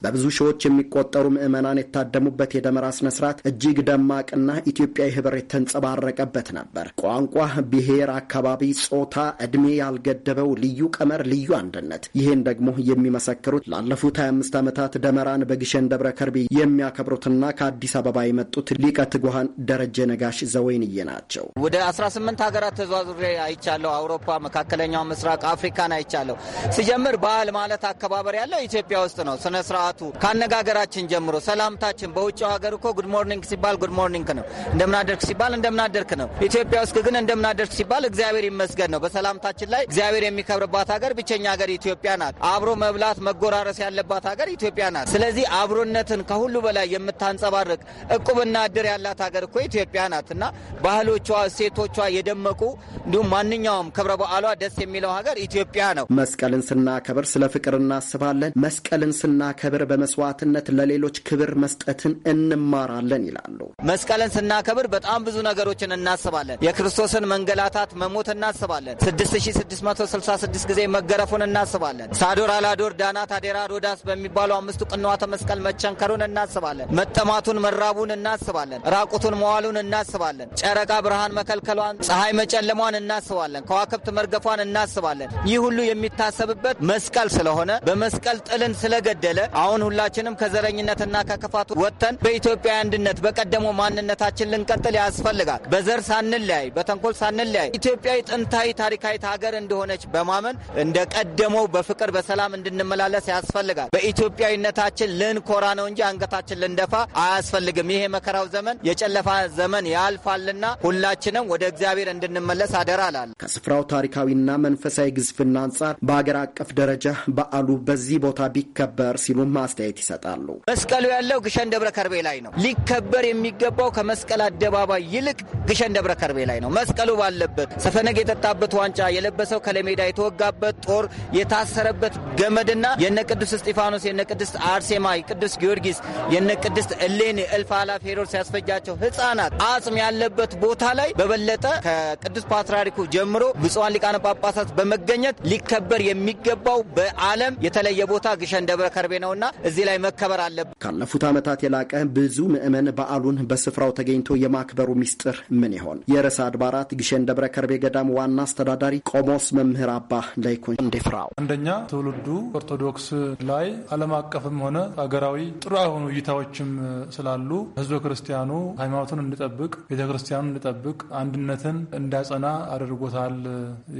S15: በብዙ ሺዎች የሚቆጠሩ ምዕመናን የታደሙበት የደመራ ስነስርዓት እጅግ ደማቅና ኢትዮጵያዊ ህብር የተንጸባረቀበት ነበር። ቋንቋ፣ ብሔር፣ አካባቢ፣ ጾታ፣ እድሜ ያልገደበው ልዩ ቀመር፣ ልዩ አንድነት። ይህን ደግሞ የሚመሰክሩት ላለፉት 25 ዓመታት ደመራን በግሸን ደብረ ከርቤ የሚያከብሩትና ከአዲስ አበባ የመጡት ሊቀ ትጉሃን ደረጀ ነጋሽ ዘወይንዬ ናቸው።
S11: ወደ 18 ሀገራት ተዟዙሬ አይቻለሁ። አውሮፓ፣ መካከለኛው ምስራቅ፣ አፍሪካን አይቻለሁ። ሲጀምር ባህል ማለት አከባበር ያለው ኢትዮጵያ ውስጥ ነው። ስነ በሰዓቱ ካነጋገራችን ጀምሮ ሰላምታችን በውጭው ሀገር እኮ ጉድ ሞርኒንግ ሲባል ጉድ ሞርኒንግ ነው። እንደምናደርግ ሲባል እንደምናደርግ ነው። ኢትዮጵያ ውስጥ ግን እንደምናደርግ ሲባል እግዚአብሔር ይመስገን ነው። በሰላምታችን ላይ እግዚአብሔር የሚከብርባት ሀገር ብቸኛ ሀገር ኢትዮጵያ ናት። አብሮ መብላት መጎራረስ ያለባት ሀገር ኢትዮጵያ ናት። ስለዚህ አብሮነትን ከሁሉ በላይ የምታንጸባርቅ እቁብና እድር ያላት ሀገር እኮ ኢትዮጵያ ናት እና ባህሎቿ፣ እሴቶቿ የደመቁ እንዲሁም ማንኛውም ክብረ በዓሏ ደስ የሚለው ሀገር ኢትዮጵያ
S15: ነው። መስቀልን ስናከብር ስለ ፍቅር እናስባለን። መስቀልን ስናከብር ክብር በመስዋዕትነት ለሌሎች ክብር መስጠትን እንማራለን ይላሉ።
S11: መስቀልን ስናከብር በጣም ብዙ ነገሮችን እናስባለን። የክርስቶስን መንገላታት መሞት እናስባለን። 6666 ጊዜ መገረፉን እናስባለን። ሳዶር አላዶር፣ ዳናት፣ አዴራ፣ ሮዳስ በሚባሉ አምስቱ ቅንዋተ መስቀል መቸንከሩን እናስባለን። መጠማቱን፣ መራቡን እናስባለን። ራቁቱን መዋሉን እናስባለን። ጨረቃ ብርሃን መከልከሏን፣ ፀሐይ መጨለሟን እናስባለን። ከዋክብት መርገፏን እናስባለን። ይህ ሁሉ የሚታሰብበት መስቀል ስለሆነ በመስቀል ጥልን ስለገደለ አሁን ሁላችንም ከዘረኝነትና ከክፋቱ ወጥተን በኢትዮጵያ አንድነት በቀደሞ ማንነታችን ልንቀጥል ያስፈልጋል። በዘር ሳንለያይ፣ በተንኮል ሳንለያይ ኢትዮጵያዊ ጥንታዊ ታሪካዊት ሀገር እንደሆነች በማመን እንደ ቀደመው በፍቅር በሰላም እንድንመላለስ ያስፈልጋል። በኢትዮጵያዊነታችን ልንኮራ ነው እንጂ አንገታችን ልንደፋ አያስፈልግም። ይሄ መከራው ዘመን የጨለፋ ዘመን ያልፋልና ሁላችንም ወደ እግዚአብሔር እንድንመለስ አደራ ላል
S15: ከስፍራው ታሪካዊና መንፈሳዊ ግዝፍና አንጻር በአገር አቀፍ ደረጃ በዓሉ በዚህ ቦታ ቢከበር ሲሉም አስተያየት ይሰጣሉ።
S11: መስቀሉ ያለው ግሸን ደብረ ከርቤ ላይ ነው። ሊከበር የሚገባው ከመስቀል አደባባይ ይልቅ ግሸን ደብረ ከርቤ ላይ ነው። መስቀሉ ባለበት ሰፈነግ የጠጣበት ዋንጫ የለበሰው ከለሜዳ የተወጋበት ጦር የታሰረበት ገመድና የነ ቅዱስ እስጢፋኖስ የነ ቅድስት አርሴማ ቅዱስ ጊዮርጊስ የነ ቅድስት እሌኒ እልፍ አላፍ ሄሮድስ ያስፈጃቸው ህጻናት አጽም ያለበት ቦታ ላይ በበለጠ ከቅዱስ ፓትርያርኩ ጀምሮ ብፁዓን ሊቃነ ጳጳሳት በመገኘት ሊከበር የሚገባው በዓለም የተለየ ቦታ ግሸን ደብረ ከርቤ ነውና እዚህ ላይ መከበር አለበት።
S15: ካለፉት ዓመታት የላቀ ብዙ ምዕመን በዓሉን በስፍራው ተገኝቶ የማክበሩ ሚስጥር ምን ይሆን? የርዕሰ አድባራት ግሸን ደብረ ከርቤ ገዳም ዋና አስተዳዳሪ ቆሞስ መምህር አባ ላይኮን እንዴፍራው
S16: አንደኛ ትውልዱ ኦርቶዶክስ ላይ ዓለም አቀፍም ሆነ አገራዊ ጥሩ የሆኑ እይታዎችም ስላሉ ህዝበ ክርስቲያኑ ሃይማኖቱን እንዲጠብቅ፣ ቤተ ክርስቲያኑን እንዲጠብቅ፣ አንድነትን እንዳጸና አድርጎታል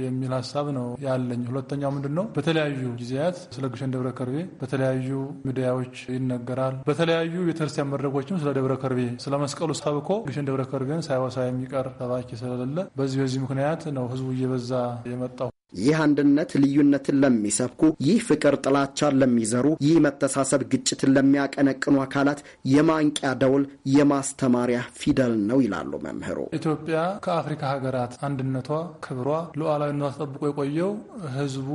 S16: የሚል ሀሳብ ነው ያለኝ። ሁለተኛው ምንድን ነው? በተለያዩ ጊዜያት ስለ ግሸን ደብረ ከርቤ በተለያዩ ሚዲያዎች ይነገራል። በተለያዩ ቤተክርስቲያን መድረኮችም ስለ ደብረ ከርቤ ስለ መስቀሉ ሰብኮ ግሽን ደብረ ከርቤን ሳይወሳ የሚቀር ሰባኪ ስለሌለ በዚህ በዚህ ምክንያት ነው ህዝቡ እየበዛ የመጣው።
S15: ይህ አንድነት ልዩነትን ለሚሰብኩ፣ ይህ ፍቅር ጥላቻን ለሚዘሩ፣ ይህ መተሳሰብ ግጭትን ለሚያቀነቅኑ አካላት የማንቂያ ደውል የማስተማሪያ ፊደል ነው ይላሉ መምህሩ።
S16: ኢትዮጵያ ከአፍሪካ ሀገራት አንድነቷ፣ ክብሯ፣ ሉዓላዊነቷ ተጠብቆ የቆየው ህዝቡ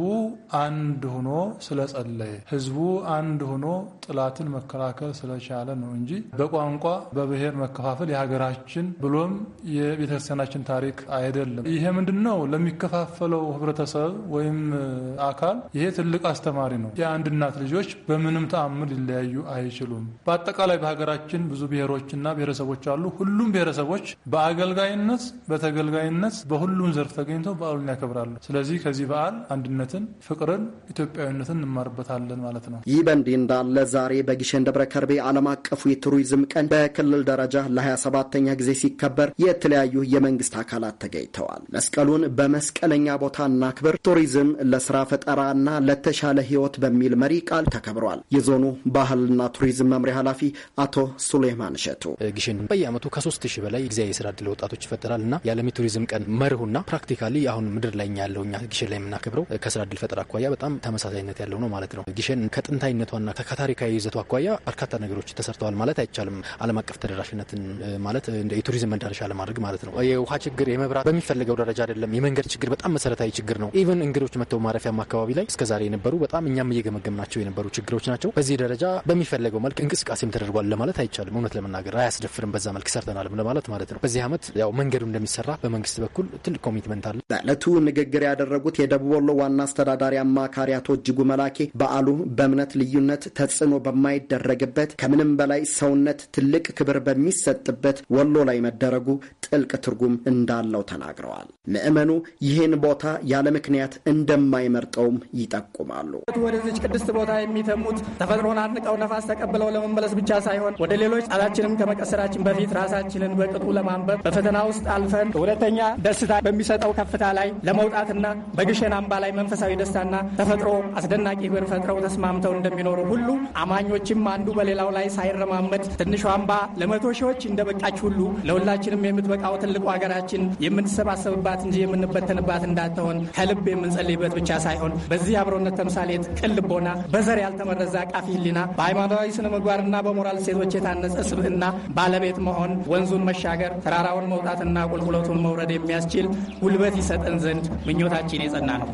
S16: አንድ ሆኖ ስለጸለየ፣ ህዝቡ አንድ ሆኖ ጥላትን መከላከል ስለቻለ ነው እንጂ በቋንቋ በብሔር መከፋፈል የሀገራችን ብሎም የቤተክርስቲያናችን ታሪክ አይደለም። ይሄ ምንድን ነው ለሚከፋፈለው ህብረተሰብ ቤተሰብ ወይም አካል ይሄ ትልቅ አስተማሪ ነው። የአንድ እናት ልጆች በምንም ተአምር ሊለያዩ አይችሉም። በአጠቃላይ በሀገራችን ብዙ ብሔሮችና ብሔረሰቦች አሉ። ሁሉም ብሔረሰቦች በአገልጋይነት በተገልጋይነት በሁሉም ዘርፍ ተገኝተው በዓሉን ያከብራሉ። ስለዚህ ከዚህ በዓል አንድነትን፣ ፍቅርን፣ ኢትዮጵያዊነትን እንማርበታለን ማለት ነው።
S15: ይህ በእንዲህ እንዳለ ዛሬ በጊሸን ደብረ ከርቤ ዓለም አቀፉ የቱሪዝም ቀን በክልል ደረጃ ለ27ተኛ ጊዜ ሲከበር የተለያዩ የመንግስት አካላት ተገኝተዋል። መስቀሉን በመስቀለኛ ቦታና በማክበር ቱሪዝም ለስራ ፈጠራና ለተሻለ ህይወት በሚል መሪ ቃል ተከብሯል። የዞኑ ባህልና ቱሪዝም መምሪያ ኃላፊ አቶ ሱሌማን ሸቱ ግሽን በየአመቱ ከሶስት ሺህ በላይ ጊዜ
S17: የስራ እድል ወጣቶች ይፈጠራል እና የዓለም የቱሪዝም ቀን መርሁና ፕራክቲካሊ አሁን ምድር ላይ ያለው እኛ ግሽን ላይ የምናከብረው ከስራ እድል ፈጠራ አኳያ በጣም ተመሳሳይነት ያለው ነው ማለት ነው። ግሽን ከጥንታዊነቷና ከታሪካዊ ይዘቱ አኳያ በርካታ ነገሮች ተሰርተዋል ማለት አይቻልም። ዓለም አቀፍ ተደራሽነትን ማለት የቱሪዝም መዳረሻ ለማድረግ ማለት ነው። የውሃ ችግር፣ የመብራት በሚፈለገው ደረጃ አይደለም። የመንገድ ችግር በጣም መሰረታዊ ችግር ነው። ነው። ኢቨን እንግዶች መጥተው ማረፊያም አካባቢ ላይ እስከዛሬ የነበሩ በጣም እኛም እየገመገምናቸው የነበሩ ችግሮች ናቸው። በዚህ ደረጃ በሚፈለገው መልክ እንቅስቃሴም ተደርጓል ለማለት አይቻልም። እውነት ለመናገር አያስደፍርም። በዛ መልክ ሰርተናልም ለማለት ማለት ነው። በዚህ ዓመት ያው መንገዱ እንደሚሰራ በመንግስት በኩል ትልቅ ኮሚትመንት አለ።
S15: በዕለቱ ንግግር ያደረጉት የደቡብ ወሎ ዋና አስተዳዳሪ አማካሪ አቶ እጅጉ መላኬ በዓሉ በእምነት ልዩነት ተጽዕኖ በማይደረግበት ከምንም በላይ ሰውነት ትልቅ ክብር በሚሰጥበት ወሎ ላይ መደረጉ ጥልቅ ትርጉም እንዳለው ተናግረዋል። ምዕመኑ ይህን ቦታ ያለ ምክንያት እንደማይመርጠውም ይጠቁማሉ።
S11: ወደዚች ቅድስት ቦታ የሚተሙት ተፈጥሮን አድንቀው ነፋስ ተቀብለው ለመመለስ ብቻ ሳይሆን ወደ ሌሎች ቃላችንን ከመቀሰራችን በፊት ራሳችንን በቅጡ ለማንበብ በፈተና ውስጥ አልፈን ሁለተኛ ደስታ በሚሰጠው ከፍታ ላይ ለመውጣትና በግሸን አምባ ላይ መንፈሳዊ ደስታና ተፈጥሮ አስደናቂ ህብር ፈጥረው ተስማምተው እንደሚኖሩ ሁሉ አማኞችም አንዱ በሌላው ላይ ሳይረማመድ ትንሹ አምባ ለመቶ ሺዎች እንደበቃች ሁሉ ለሁላችንም የምትበቃው ትልቁ ሀገራችን የምንሰባሰብባት እንጂ የምንበተንባት እንዳትሆን ከልብ የምንጸልይበት ብቻ ሳይሆን በዚህ የአብሮነት ተምሳሌት ቅን ልቦና፣ በዘር ያልተመረዘ አቃፊ ህሊና፣ በሃይማኖታዊ ስነ ምግባርና በሞራል ሴቶች የታነጸ ስብዕና ባለቤት መሆን ወንዙን መሻገር ተራራውን መውጣትና ቁልቁለቱን መውረድ የሚያስችል ጉልበት ይሰጠን ዘንድ ምኞታችን የጸና ነው።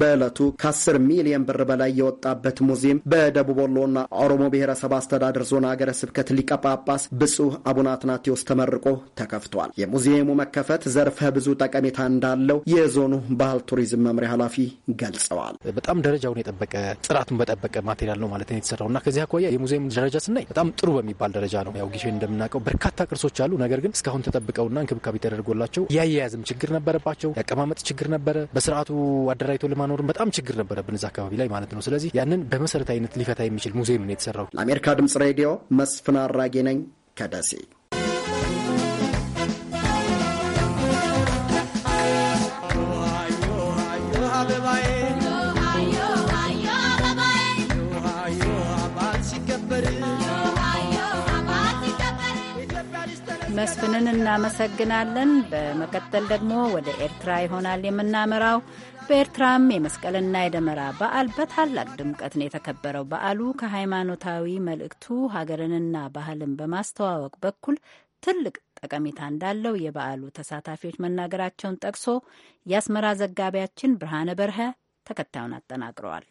S15: በዕለቱ ከ10 ሚሊየን ብር በላይ የወጣበት ሙዚየም በደቡብ ወሎና ኦሮሞ ብሔረሰብ አስተዳደር ዞን ሀገረ ስብከት ሊቀ ጳጳስ ብፁህ አቡነ አትናቴዎስ ተመርቆ ተከፍቷል። የሙዚየሙ መከፈት ዘርፈ ብዙ ጠቀሜታ እንዳለው የዞኑ ባህል ቱሪዝም መምሪያ ኃላፊ ገልጸዋል።
S17: በጣም ደረጃውን የጠበቀ ጥራቱን በጠበቀ ማቴሪያል ነው ማለት ነው የተሰራው እና ከዚህ አኳያ የሙዚየሙ ደረጃ ስናይ በጣም ጥሩ በሚባል ደረጃ ነው። ያው ጊሼ እንደምናውቀው በርካታ ቅርሶች አሉ። ነገር ግን እስካሁን ተጠብቀውና እንክብካቤ ተደርጎላቸው ያያያዝም ችግር ነበረባቸው፣ ያቀማመጥ ችግር ነበረ። በስርዓቱ አደራጅቶ ልማ አለማኖርም በጣም ችግር ነበረብን እዛ አካባቢ ላይ ማለት ነው። ስለዚህ ያንን በመሰረታዊነት ሊፈታ የሚችል ሙዚየም ነው
S15: የተሰራው። ለአሜሪካ ድምጽ ሬዲዮ መስፍን አራጌ ነኝ ከደሴ
S2: መስፍንን እናመሰግናለን። በመቀጠል ደግሞ ወደ ኤርትራ ይሆናል የምናመራው። በኤርትራም የመስቀልና የደመራ በዓል በታላቅ ድምቀት ነው የተከበረው። በዓሉ ከሃይማኖታዊ መልእክቱ ሀገርንና ባህልን በማስተዋወቅ በኩል ትልቅ ጠቀሜታ እንዳለው የበዓሉ ተሳታፊዎች መናገራቸውን ጠቅሶ የአስመራ ዘጋቢያችን ብርሃነ በርሀ ተከታዩን አጠናቅረዋል።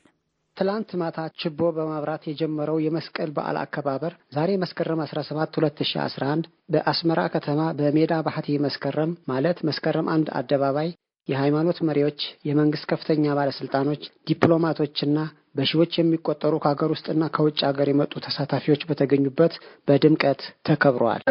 S18: ትላንት ማታ ችቦ በማብራት የጀመረው የመስቀል በዓል አከባበር ዛሬ መስከረም 17 2011 በአስመራ ከተማ በሜዳ ባህቲ መስከረም ማለት መስከረም አንድ አደባባይ የሃይማኖት መሪዎች፣ የመንግስት ከፍተኛ ባለስልጣኖች፣ ዲፕሎማቶችና በሺዎች የሚቆጠሩ ከሀገር ውስጥና ከውጭ ሀገር የመጡ ተሳታፊዎች በተገኙበት በድምቀት ተከብረዋል።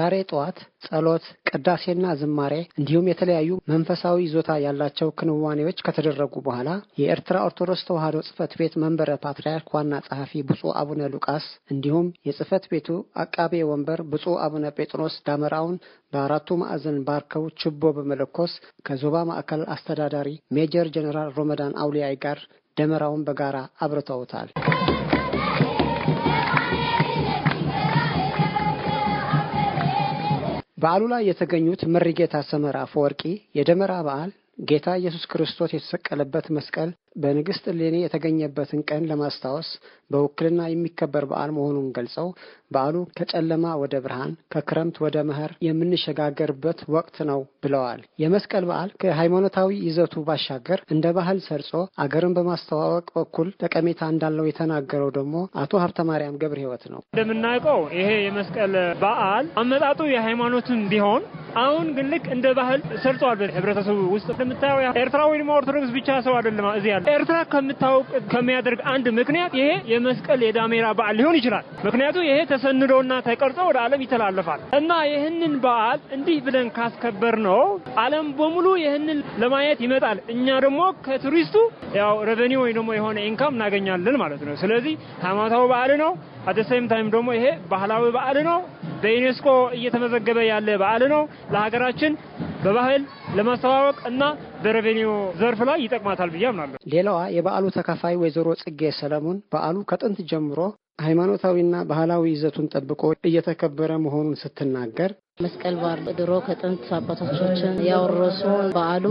S18: ዛሬ ጠዋት ጸሎት፣ ቅዳሴና ዝማሬ እንዲሁም የተለያዩ መንፈሳዊ ይዞታ ያላቸው ክንዋኔዎች ከተደረጉ በኋላ የኤርትራ ኦርቶዶክስ ተዋሕዶ ጽሕፈት ቤት መንበረ ፓትርያርክ ዋና ጸሐፊ ብፁዕ አቡነ ሉቃስ እንዲሁም የጽሕፈት ቤቱ አቃቤ ወንበር ብፁዕ አቡነ ጴጥሮስ ዳመራውን በአራቱ ማዕዘን ባርከው ችቦ በመለኮስ ከዞባ ማዕከል አስተዳዳሪ ሜጀር ጀኔራል ሮመዳን አውሊያይ ጋር ደመራውን በጋራ አብርተውታል። በዓሉ ላይ የተገኙት መሪጌታ ሰመራ አፈወርቂ የደመራ በዓል ጌታ ኢየሱስ ክርስቶስ የተሰቀለበት መስቀል በንግስት እሌኒ የተገኘበትን ቀን ለማስታወስ በውክልና የሚከበር በዓል መሆኑን ገልጸው በዓሉ ከጨለማ ወደ ብርሃን ከክረምት ወደ መኸር የምንሸጋገርበት ወቅት ነው ብለዋል። የመስቀል በዓል ከሃይማኖታዊ ይዘቱ ባሻገር እንደ ባህል ሰርጾ አገርን በማስተዋወቅ በኩል ጠቀሜታ እንዳለው የተናገረው ደግሞ አቶ ሀብተ ማርያም ገብረ ህይወት ነው።
S5: እንደምናውቀው ይሄ የመስቀል በዓል አመጣጡ የሃይማኖትን ቢሆን አሁን ግን ልክ እንደ ባህል ሰርጿል። ህብረተሰቡ ውስጥ እንደምታየው ኤርትራዊ ኦርቶዶክስ ብቻ ሰው አይደለም እዚህ ይችላሉ። ኤርትራ ከምታውቅ ከሚያደርግ አንድ ምክንያት ይሄ የመስቀል የዳሜራ በዓል ሊሆን ይችላል። ምክንያቱ ይሄ ተሰንዶና ተቀርጾ ወደ ዓለም ይተላለፋል እና ይህንን በዓል እንዲህ ብለን ካስከበር ነው ዓለም በሙሉ ይህንን ለማየት ይመጣል። እኛ ደግሞ ከቱሪስቱ ያው ረቨኒ ወይ ደግሞ የሆነ ኢንካም እናገኛለን ማለት ነው። ስለዚህ ሃይማኖታዊ በዓል ነው። አደሰም ታይም ደግሞ ይሄ ባህላዊ በዓል ነው። በዩኔስኮ እየተመዘገበ ያለ በዓል ነው። ለሀገራችን በባህል ለማስተዋወቅ እና በሬቬኒው ዘርፍ ላይ ይጠቅማታል ብዬ አምናለሁ።
S18: ሌላዋ የበዓሉ ተካፋይ ወይዘሮ ጽጌ ሰለሞን በዓሉ ከጥንት ጀምሮ ሃይማኖታዊና ባህላዊ ይዘቱን ጠብቆ እየተከበረ መሆኑን ስትናገር
S2: መስቀል በዓል ድሮ ከጥንት አባቶቻችን ያወረሱን በዓሉ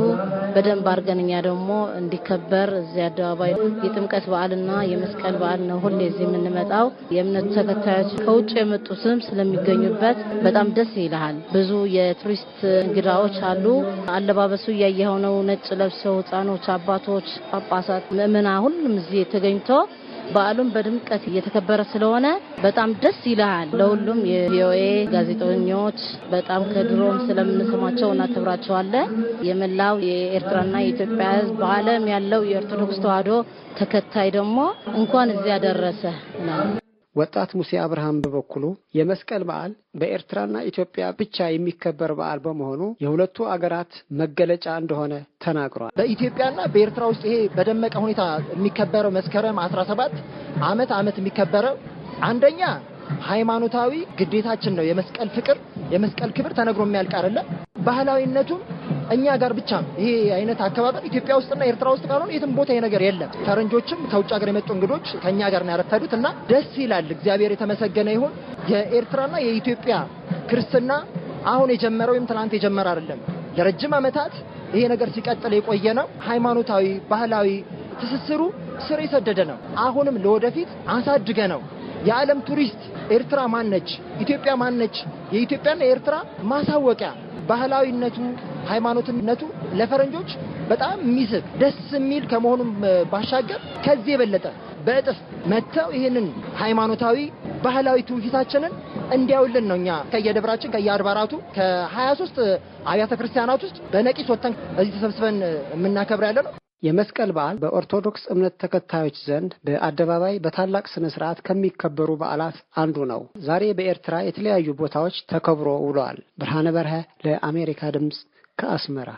S2: በደንብ አድርገን እኛ ደግሞ እንዲከበር እዚህ አደባባይ የጥምቀት በዓልና የመስቀል በዓል ነው ሁሌ እዚህ የምንመጣው። የእምነቱ ተከታዮች ከውጭ የመጡ ስም ስለሚገኙበት በጣም ደስ ይልሃል። ብዙ የቱሪስት እንግዳዎች አሉ። አለባበሱ እያየኸው ነው። ነጭ ለብሰው ህጻኖች፣ አባቶች፣ ጳጳሳት፣ ምእመና ሁሉም እዚህ ተገኝቶ በዓሉም በድምቀት እየተከበረ ስለሆነ በጣም ደስ ይልሃል። ለሁሉም የቪኦኤ ጋዜጠኞች በጣም ከድሮም ስለምንሰማቸው እናከብራቸዋለን። የመላው የኤርትራና የኢትዮጵያ ሕዝብ በዓለም ያለው የኦርቶዶክስ ተዋህዶ ተከታይ ደግሞ እንኳን እዚያ ደረሰ
S18: ነው። ወጣት ሙሴ አብርሃም በበኩሉ የመስቀል በዓል በኤርትራና ኢትዮጵያ ብቻ የሚከበር በዓል በመሆኑ የሁለቱ አገራት መገለጫ እንደሆነ ተናግሯል።
S5: በኢትዮጵያና በኤርትራ ውስጥ ይሄ በደመቀ ሁኔታ የሚከበረው መስከረም 17 ዓመት ዓመት የሚከበረው አንደኛ ሃይማኖታዊ ግዴታችን ነው። የመስቀል ፍቅር፣ የመስቀል ክብር ተነግሮ የሚያልቅ አይደለም። ባህላዊነቱም እኛ ጋር ብቻ ነው ይሄ አይነት አከባበር። ኢትዮጵያ ውስጥና ኤርትራ ውስጥ ካልሆነ የትም ቦታ ይሄ ነገር የለም። ፈረንጆችም ከውጭ ሀገር የመጡ እንግዶች ከእኛ ጋር ነው ያረፈዱት እና ደስ ይላል። እግዚአብሔር የተመሰገነ ይሁን። የኤርትራና የኢትዮጵያ ክርስትና አሁን የጀመረ ወይም ትናንት የጀመረ አይደለም። ለረጅም ዓመታት ይሄ ነገር ሲቀጥል የቆየ ነው። ሃይማኖታዊ፣ ባህላዊ ትስስሩ ስር የሰደደ ነው። አሁንም ለወደፊት አሳድገ ነው የዓለም ቱሪስት ኤርትራ ማነች፣ ኢትዮጵያ ማነች፣ የኢትዮጵያና የኤርትራ ማሳወቂያ ባህላዊነቱ ሃይማኖትነቱ ለፈረንጆች በጣም የሚስብ ደስ የሚል ከመሆኑም ባሻገር ከዚህ የበለጠ በእጥፍ መጥተው ይህንን ሃይማኖታዊ ባህላዊ ትውፊታችንን እንዲያውልን ነው። እኛ ከየደብራችን ከየአድባራቱ ከ23 አብያተ ክርስቲያናት ውስጥ በነቂስ ወጥተን እዚህ ተሰብስበን የምናከብር
S18: ያለ ነው። የመስቀል በዓል በኦርቶዶክስ እምነት ተከታዮች ዘንድ በአደባባይ በታላቅ ስነ ስርዓት ከሚከበሩ በዓላት አንዱ ነው። ዛሬ በኤርትራ የተለያዩ ቦታዎች ተከብሮ ውሏል። ብርሃነ በርሀ ለአሜሪካ ድምፅ ከአስመራ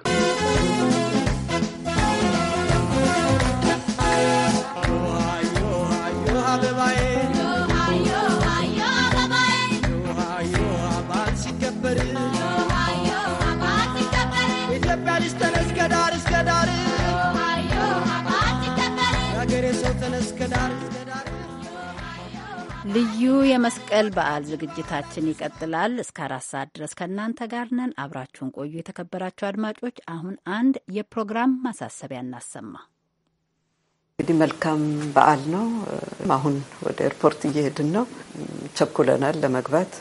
S2: ልዩ የመስቀል በዓል ዝግጅታችን ይቀጥላል። እስከ አራት ሰዓት ድረስ ከእናንተ ጋር ነን። አብራችሁን ቆዩ። የተከበራችሁ አድማጮች፣ አሁን አንድ የፕሮግራም ማሳሰቢያ እናሰማ።
S10: እንግዲህ መልካም በዓል ነው። አሁን ወደ ኤርፖርት እየሄድን ነው። ቸኩለናል ለመግባት።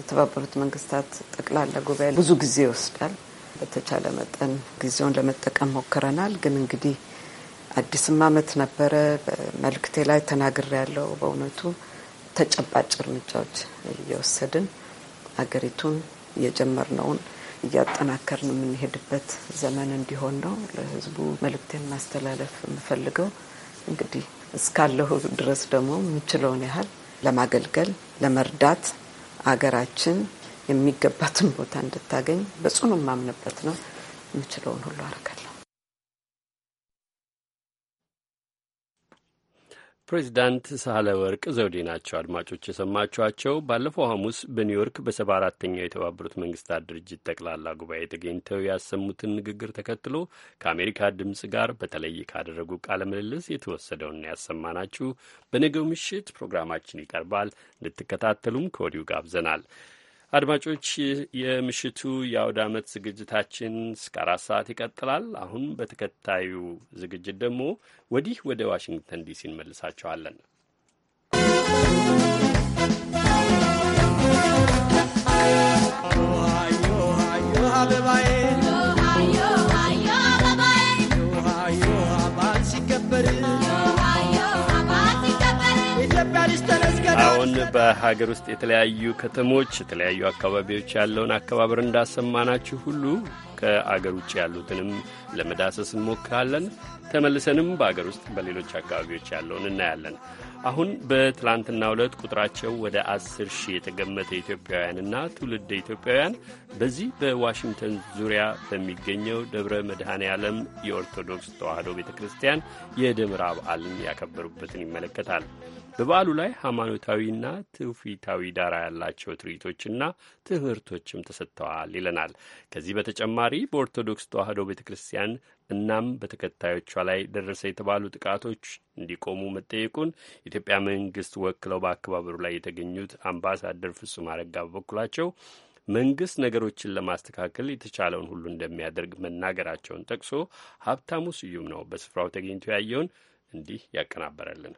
S10: የተባበሩት መንግስታት ጠቅላላ ጉባኤ ብዙ ጊዜ ይወስዳል። በተቻለ መጠን ጊዜውን ለመጠቀም ሞክረናል። ግን እንግዲህ አዲስም አመት ነበረ። በመልክቴ ላይ ተናግሬ ያለው በእውነቱ ተጨባጭ እርምጃዎች እየወሰድን አገሪቱን የጀመርነውን እያጠናከርን የምንሄድበት ዘመን እንዲሆን ነው ለህዝቡ መልእክቴን ማስተላለፍ የምፈልገው። እንግዲህ እስካለሁ ድረስ ደግሞ የምችለውን ያህል ለማገልገል፣ ለመርዳት አገራችን የሚገባትን ቦታ እንድታገኝ በጽኑ ማምንበት ነው። የምችለውን ሁሉ አደርጋለሁ።
S1: ፕሬዚዳንት ሳህለ ወርቅ ዘውዴ ናቸው። አድማጮች የሰማችኋቸው ባለፈው ሐሙስ በኒውዮርክ በሰባ አራተኛው የተባበሩት መንግስታት ድርጅት ጠቅላላ ጉባኤ ተገኝተው ያሰሙትን ንግግር ተከትሎ ከአሜሪካ ድምፅ ጋር በተለይ ካደረጉ ቃለ ምልልስ የተወሰደውን ያሰማናችሁ። በነገው ምሽት ፕሮግራማችን ይቀርባል። እንድትከታተሉም ከወዲሁ ጋብዘናል። አድማጮች የምሽቱ የአውደ ዓመት ዝግጅታችን እስከ አራት ሰዓት ይቀጥላል። አሁን በተከታዩ ዝግጅት ደግሞ ወዲህ ወደ ዋሽንግተን ዲሲ እንመልሳቸዋለን። በሀገር ውስጥ የተለያዩ ከተሞች የተለያዩ አካባቢዎች ያለውን አከባበር እንዳሰማናችሁ ሁሉ ከአገር ውጭ ያሉትንም ለመዳሰስ እንሞክራለን። ተመልሰንም በአገር ውስጥ በሌሎች አካባቢዎች ያለውን እናያለን። አሁን በትላንትናው ዕለት ቁጥራቸው ወደ አስር ሺህ የተገመተ ኢትዮጵያውያንና ትውልደ ኢትዮጵያውያን በዚህ በዋሽንግተን ዙሪያ በሚገኘው ደብረ መድኃኔ ዓለም የኦርቶዶክስ ተዋሕዶ ቤተ ክርስቲያን የደመራ በዓልን ያከበሩበትን ይመለከታል። በበዓሉ ላይ ሃይማኖታዊና ትውፊታዊ ዳራ ያላቸው ትርኢቶችና ትምህርቶችም ተሰጥተዋል ይለናል። ከዚህ በተጨማሪ በኦርቶዶክስ ተዋህዶ ቤተ ክርስቲያን እናም በተከታዮቿ ላይ ደረሰ የተባሉ ጥቃቶች እንዲቆሙ መጠየቁን ኢትዮጵያ መንግስት ወክለው በአከባበሩ ላይ የተገኙት አምባሳደር ፍጹም አረጋ በበኩላቸው መንግስት ነገሮችን ለማስተካከል የተቻለውን ሁሉ እንደሚያደርግ መናገራቸውን ጠቅሶ ሀብታሙ ስዩም ነው በስፍራው ተገኝቶ ያየውን እንዲህ ያቀናበረልን።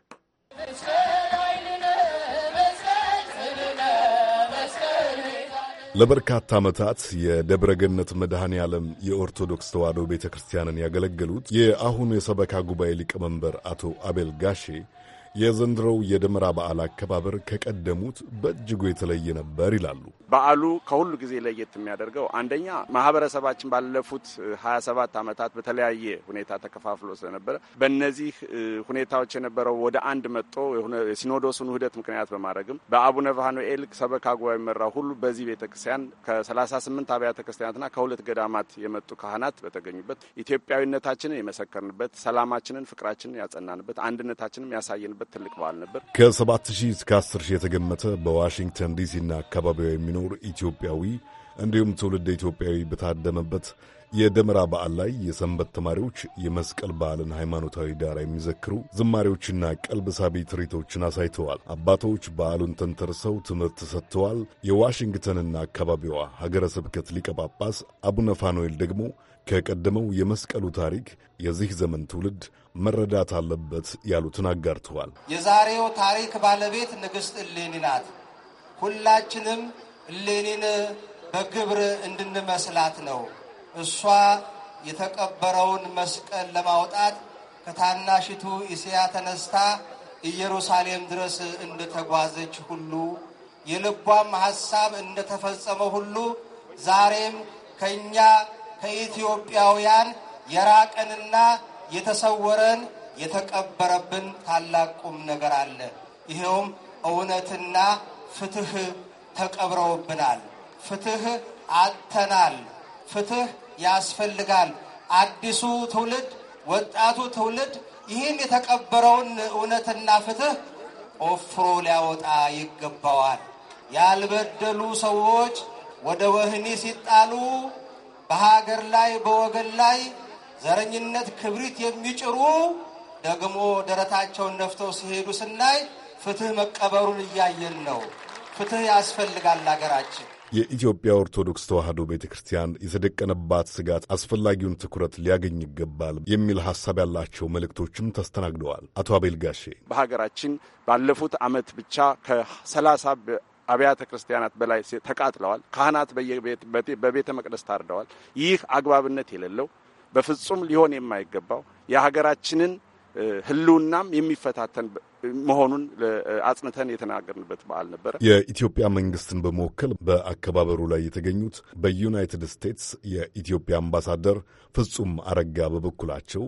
S19: ለበርካታ ዓመታት የደብረ ገነት መድኃኔ ዓለም የኦርቶዶክስ ተዋሕዶ ቤተ ክርስቲያንን ያገለገሉት የአሁኑ የሰበካ ጉባኤ ሊቀመንበር አቶ አቤል ጋሼ የዘንድሮው የደመራ በዓል አከባበር ከቀደሙት በእጅጉ የተለየ ነበር ይላሉ።
S9: በዓሉ ከሁሉ ጊዜ
S14: ለየት የሚያደርገው አንደኛ ማህበረሰባችን ባለፉት 27 ዓመታት በተለያየ ሁኔታ ተከፋፍሎ ስለነበረ በእነዚህ ሁኔታዎች የነበረው ወደ አንድ መጥቶ የሲኖዶሱን ውህደት ምክንያት በማድረግም በአቡነ ፋኑኤል ሰበካ ጉባኤ የሚመራው ሁሉ በዚህ ቤተ ክርስቲያን ከ38 አብያተ ክርስቲያናትና ከሁለት ገዳማት የመጡ ካህናት በተገኙበት ኢትዮጵያዊነታችንን የመሰከርንበት፣ ሰላማችንን፣ ፍቅራችንን ያጸናንበት፣ አንድነታችንን ያሳየንበት ያለበት ትልቅ በዓል ነበር።
S19: ከሰባት ሺህ እስከ 10 ሺህ የተገመተ በዋሽንግተን ዲሲና አካባቢዋ የሚኖር ኢትዮጵያዊ እንዲሁም ትውልድ ኢትዮጵያዊ በታደመበት የደመራ በዓል ላይ የሰንበት ተማሪዎች የመስቀል በዓልን ሃይማኖታዊ ዳራ የሚዘክሩ ዝማሬዎችና ቀልብ ሳቢ ትርኢቶችን አሳይተዋል። አባቶች በዓሉን ተንተርሰው ትምህርት ሰጥተዋል። የዋሽንግተንና አካባቢዋ ሀገረ ስብከት ሊቀ ጳጳስ አቡነ ፋኖኤል ደግሞ ከቀደመው የመስቀሉ ታሪክ የዚህ ዘመን ትውልድ መረዳት አለበት ያሉትን አጋርተዋል።
S8: የዛሬው ታሪክ ባለቤት ንግሥት እሌኒ ናት። ሁላችንም እሌኒን በግብር እንድንመስላት ነው። እሷ የተቀበረውን መስቀል ለማውጣት ከታናሽቱ እስያ ተነስታ ኢየሩሳሌም ድረስ እንደተጓዘች ሁሉ የልቧም ሐሳብ እንደተፈጸመ ሁሉ ዛሬም ከእኛ ከኢትዮጵያውያን የራቀንና የተሰወረን የተቀበረብን ታላቅ ቁም ነገር አለ። ይኸውም እውነትና ፍትህ ተቀብረውብናል። ፍትህ አጥተናል። ፍትህ ያስፈልጋል። አዲሱ ትውልድ፣ ወጣቱ ትውልድ ይህን የተቀበረውን እውነትና ፍትህ ቆፍሮ ሊያወጣ ይገባዋል። ያልበደሉ ሰዎች ወደ ወህኒ ሲጣሉ በሀገር ላይ በወገን ላይ ዘረኝነት ክብሪት የሚጭሩ ደግሞ ደረታቸውን ነፍተው ሲሄዱ ስናይ ፍትህ መቀበሩን እያየን ነው። ፍትህ ያስፈልጋል ሀገራችን።
S19: የኢትዮጵያ ኦርቶዶክስ ተዋሕዶ ቤተ ክርስቲያን የተደቀነባት ስጋት አስፈላጊውን ትኩረት ሊያገኝ ይገባል የሚል ሀሳብ ያላቸው መልእክቶችም ተስተናግደዋል። አቶ አቤል ጋሼ
S14: በሀገራችን ባለፉት ዓመት ብቻ ከሰላሳ አብያተ ክርስቲያናት በላይ ተቃጥለዋል። ካህናት በቤተ መቅደስ ታርደዋል። ይህ አግባብነት የሌለው በፍጹም ሊሆን የማይገባው የሀገራችንን ህልውናም የሚፈታተን መሆኑን አጽንተን የተናገርንበት በዓል ነበረ።
S19: የኢትዮጵያ መንግስትን በመወከል በአከባበሩ ላይ የተገኙት በዩናይትድ ስቴትስ የኢትዮጵያ አምባሳደር ፍጹም አረጋ በበኩላቸው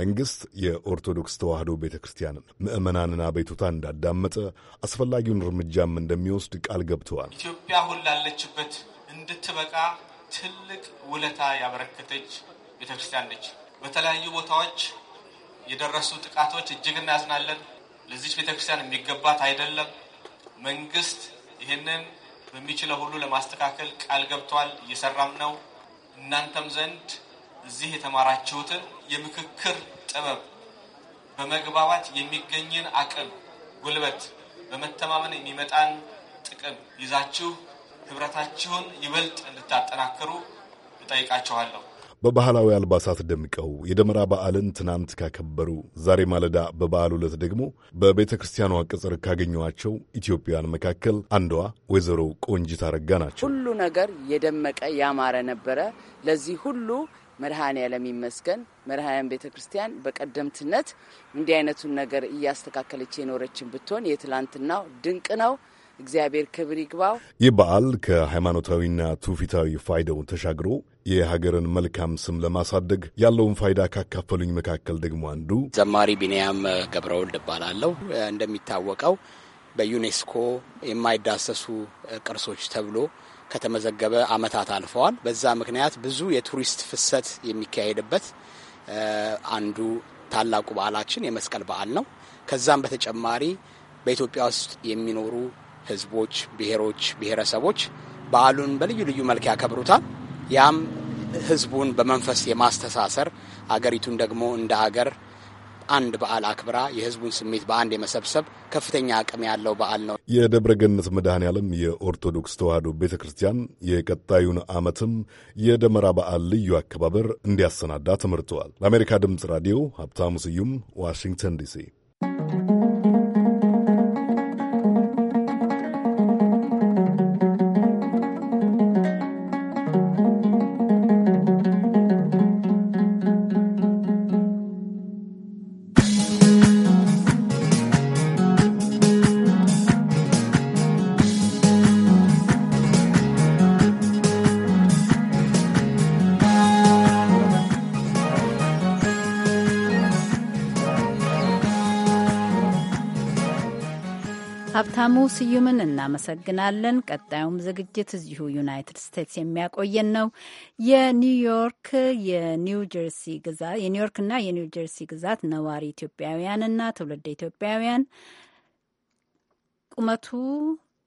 S19: መንግስት የኦርቶዶክስ ተዋሕዶ ቤተ ክርስቲያን ምዕመናንን አቤቱታ እንዳዳመጠ አስፈላጊውን እርምጃም እንደሚወስድ ቃል ገብተዋል። ኢትዮጵያ
S14: አሁን ላለችበት እንድትበቃ ትልቅ ውለታ ያበረከተች ቤተክርስቲያን ነች። በተለያዩ ቦታዎች የደረሱ ጥቃቶች እጅግ እናያዝናለን። ለዚች ቤተክርስቲያን የሚገባት አይደለም። መንግስት ይህንን በሚችለው ሁሉ ለማስተካከል ቃል ገብቷል፣ እየሰራም ነው። እናንተም ዘንድ እዚህ የተማራችሁትን የምክክር ጥበብ፣ በመግባባት የሚገኝን አቅም፣ ጉልበት፣ በመተማመን የሚመጣን ጥቅም ይዛችሁ ህብረታችሁን ይበልጥ እንድታጠናክሩ
S19: እጠይቃችኋለሁ። በባህላዊ አልባሳት ደምቀው የደመራ በዓልን ትናንት ካከበሩ ዛሬ ማለዳ በበዓል ዕለት ደግሞ በቤተ ክርስቲያኗ ቅጽር ካገኘኋቸው ኢትዮጵያውያን መካከል አንዷ ወይዘሮ ቆንጂት አረጋ ናቸው።
S13: ሁሉ ነገር
S2: የደመቀ ያማረ ነበረ። ለዚህ ሁሉ መድኃኔዓለም ይመስገን። መድኃኔዓለም ቤተ ክርስቲያን በቀደምትነት እንዲህ አይነቱን ነገር እያስተካከለች የኖረችን ብትሆን የትላንትናው ድንቅ ነው። እግዚአብሔር ክብር ይግባው።
S19: ይህ በዓል ከሃይማኖታዊና ትውፊታዊ ፋይዳው ተሻግሮ የሀገርን መልካም ስም ለማሳደግ ያለውን ፋይዳ ካካፈሉኝ መካከል ደግሞ አንዱ
S20: ዘማሪ ቢንያም ገብረወልድ እባላለሁ። እንደሚታወቀው በዩኔስኮ የማይዳሰሱ ቅርሶች ተብሎ ከተመዘገበ ዓመታት አልፈዋል። በዛ ምክንያት ብዙ የቱሪስት ፍሰት የሚካሄድበት አንዱ ታላቁ በዓላችን የመስቀል በዓል ነው። ከዛም በተጨማሪ በኢትዮጵያ ውስጥ የሚኖሩ ህዝቦች፣ ብሔሮች፣ ብሔረሰቦች በዓሉን በልዩ ልዩ መልክ ያከብሩታል። ያም ህዝቡን በመንፈስ የማስተሳሰር አገሪቱን ደግሞ እንደ አገር አንድ በዓል አክብራ የህዝቡን ስሜት በአንድ የመሰብሰብ ከፍተኛ አቅም
S15: ያለው በዓል ነው።
S19: የደብረ ገነት መድኃኔ ዓለም የኦርቶዶክስ ተዋሕዶ ቤተ ክርስቲያን የቀጣዩን ዓመትም የደመራ በዓል ልዩ አከባበር እንዲያሰናዳ ተመርጠዋል። ለአሜሪካ ድምፅ ራዲዮ ሀብታሙ ስዩም ዋሽንግተን ዲሲ
S2: ስዩምን እናመሰግናለን። ቀጣዩም ዝግጅት እዚሁ ዩናይትድ ስቴትስ የሚያቆየን ነው። የኒውዮርክ የኒው ጀርሲ ግዛት የኒውዮርክና የኒው ጀርሲ ግዛት ነዋሪ ኢትዮጵያውያንና ትውልድ ኢትዮጵያውያን ቁመቱ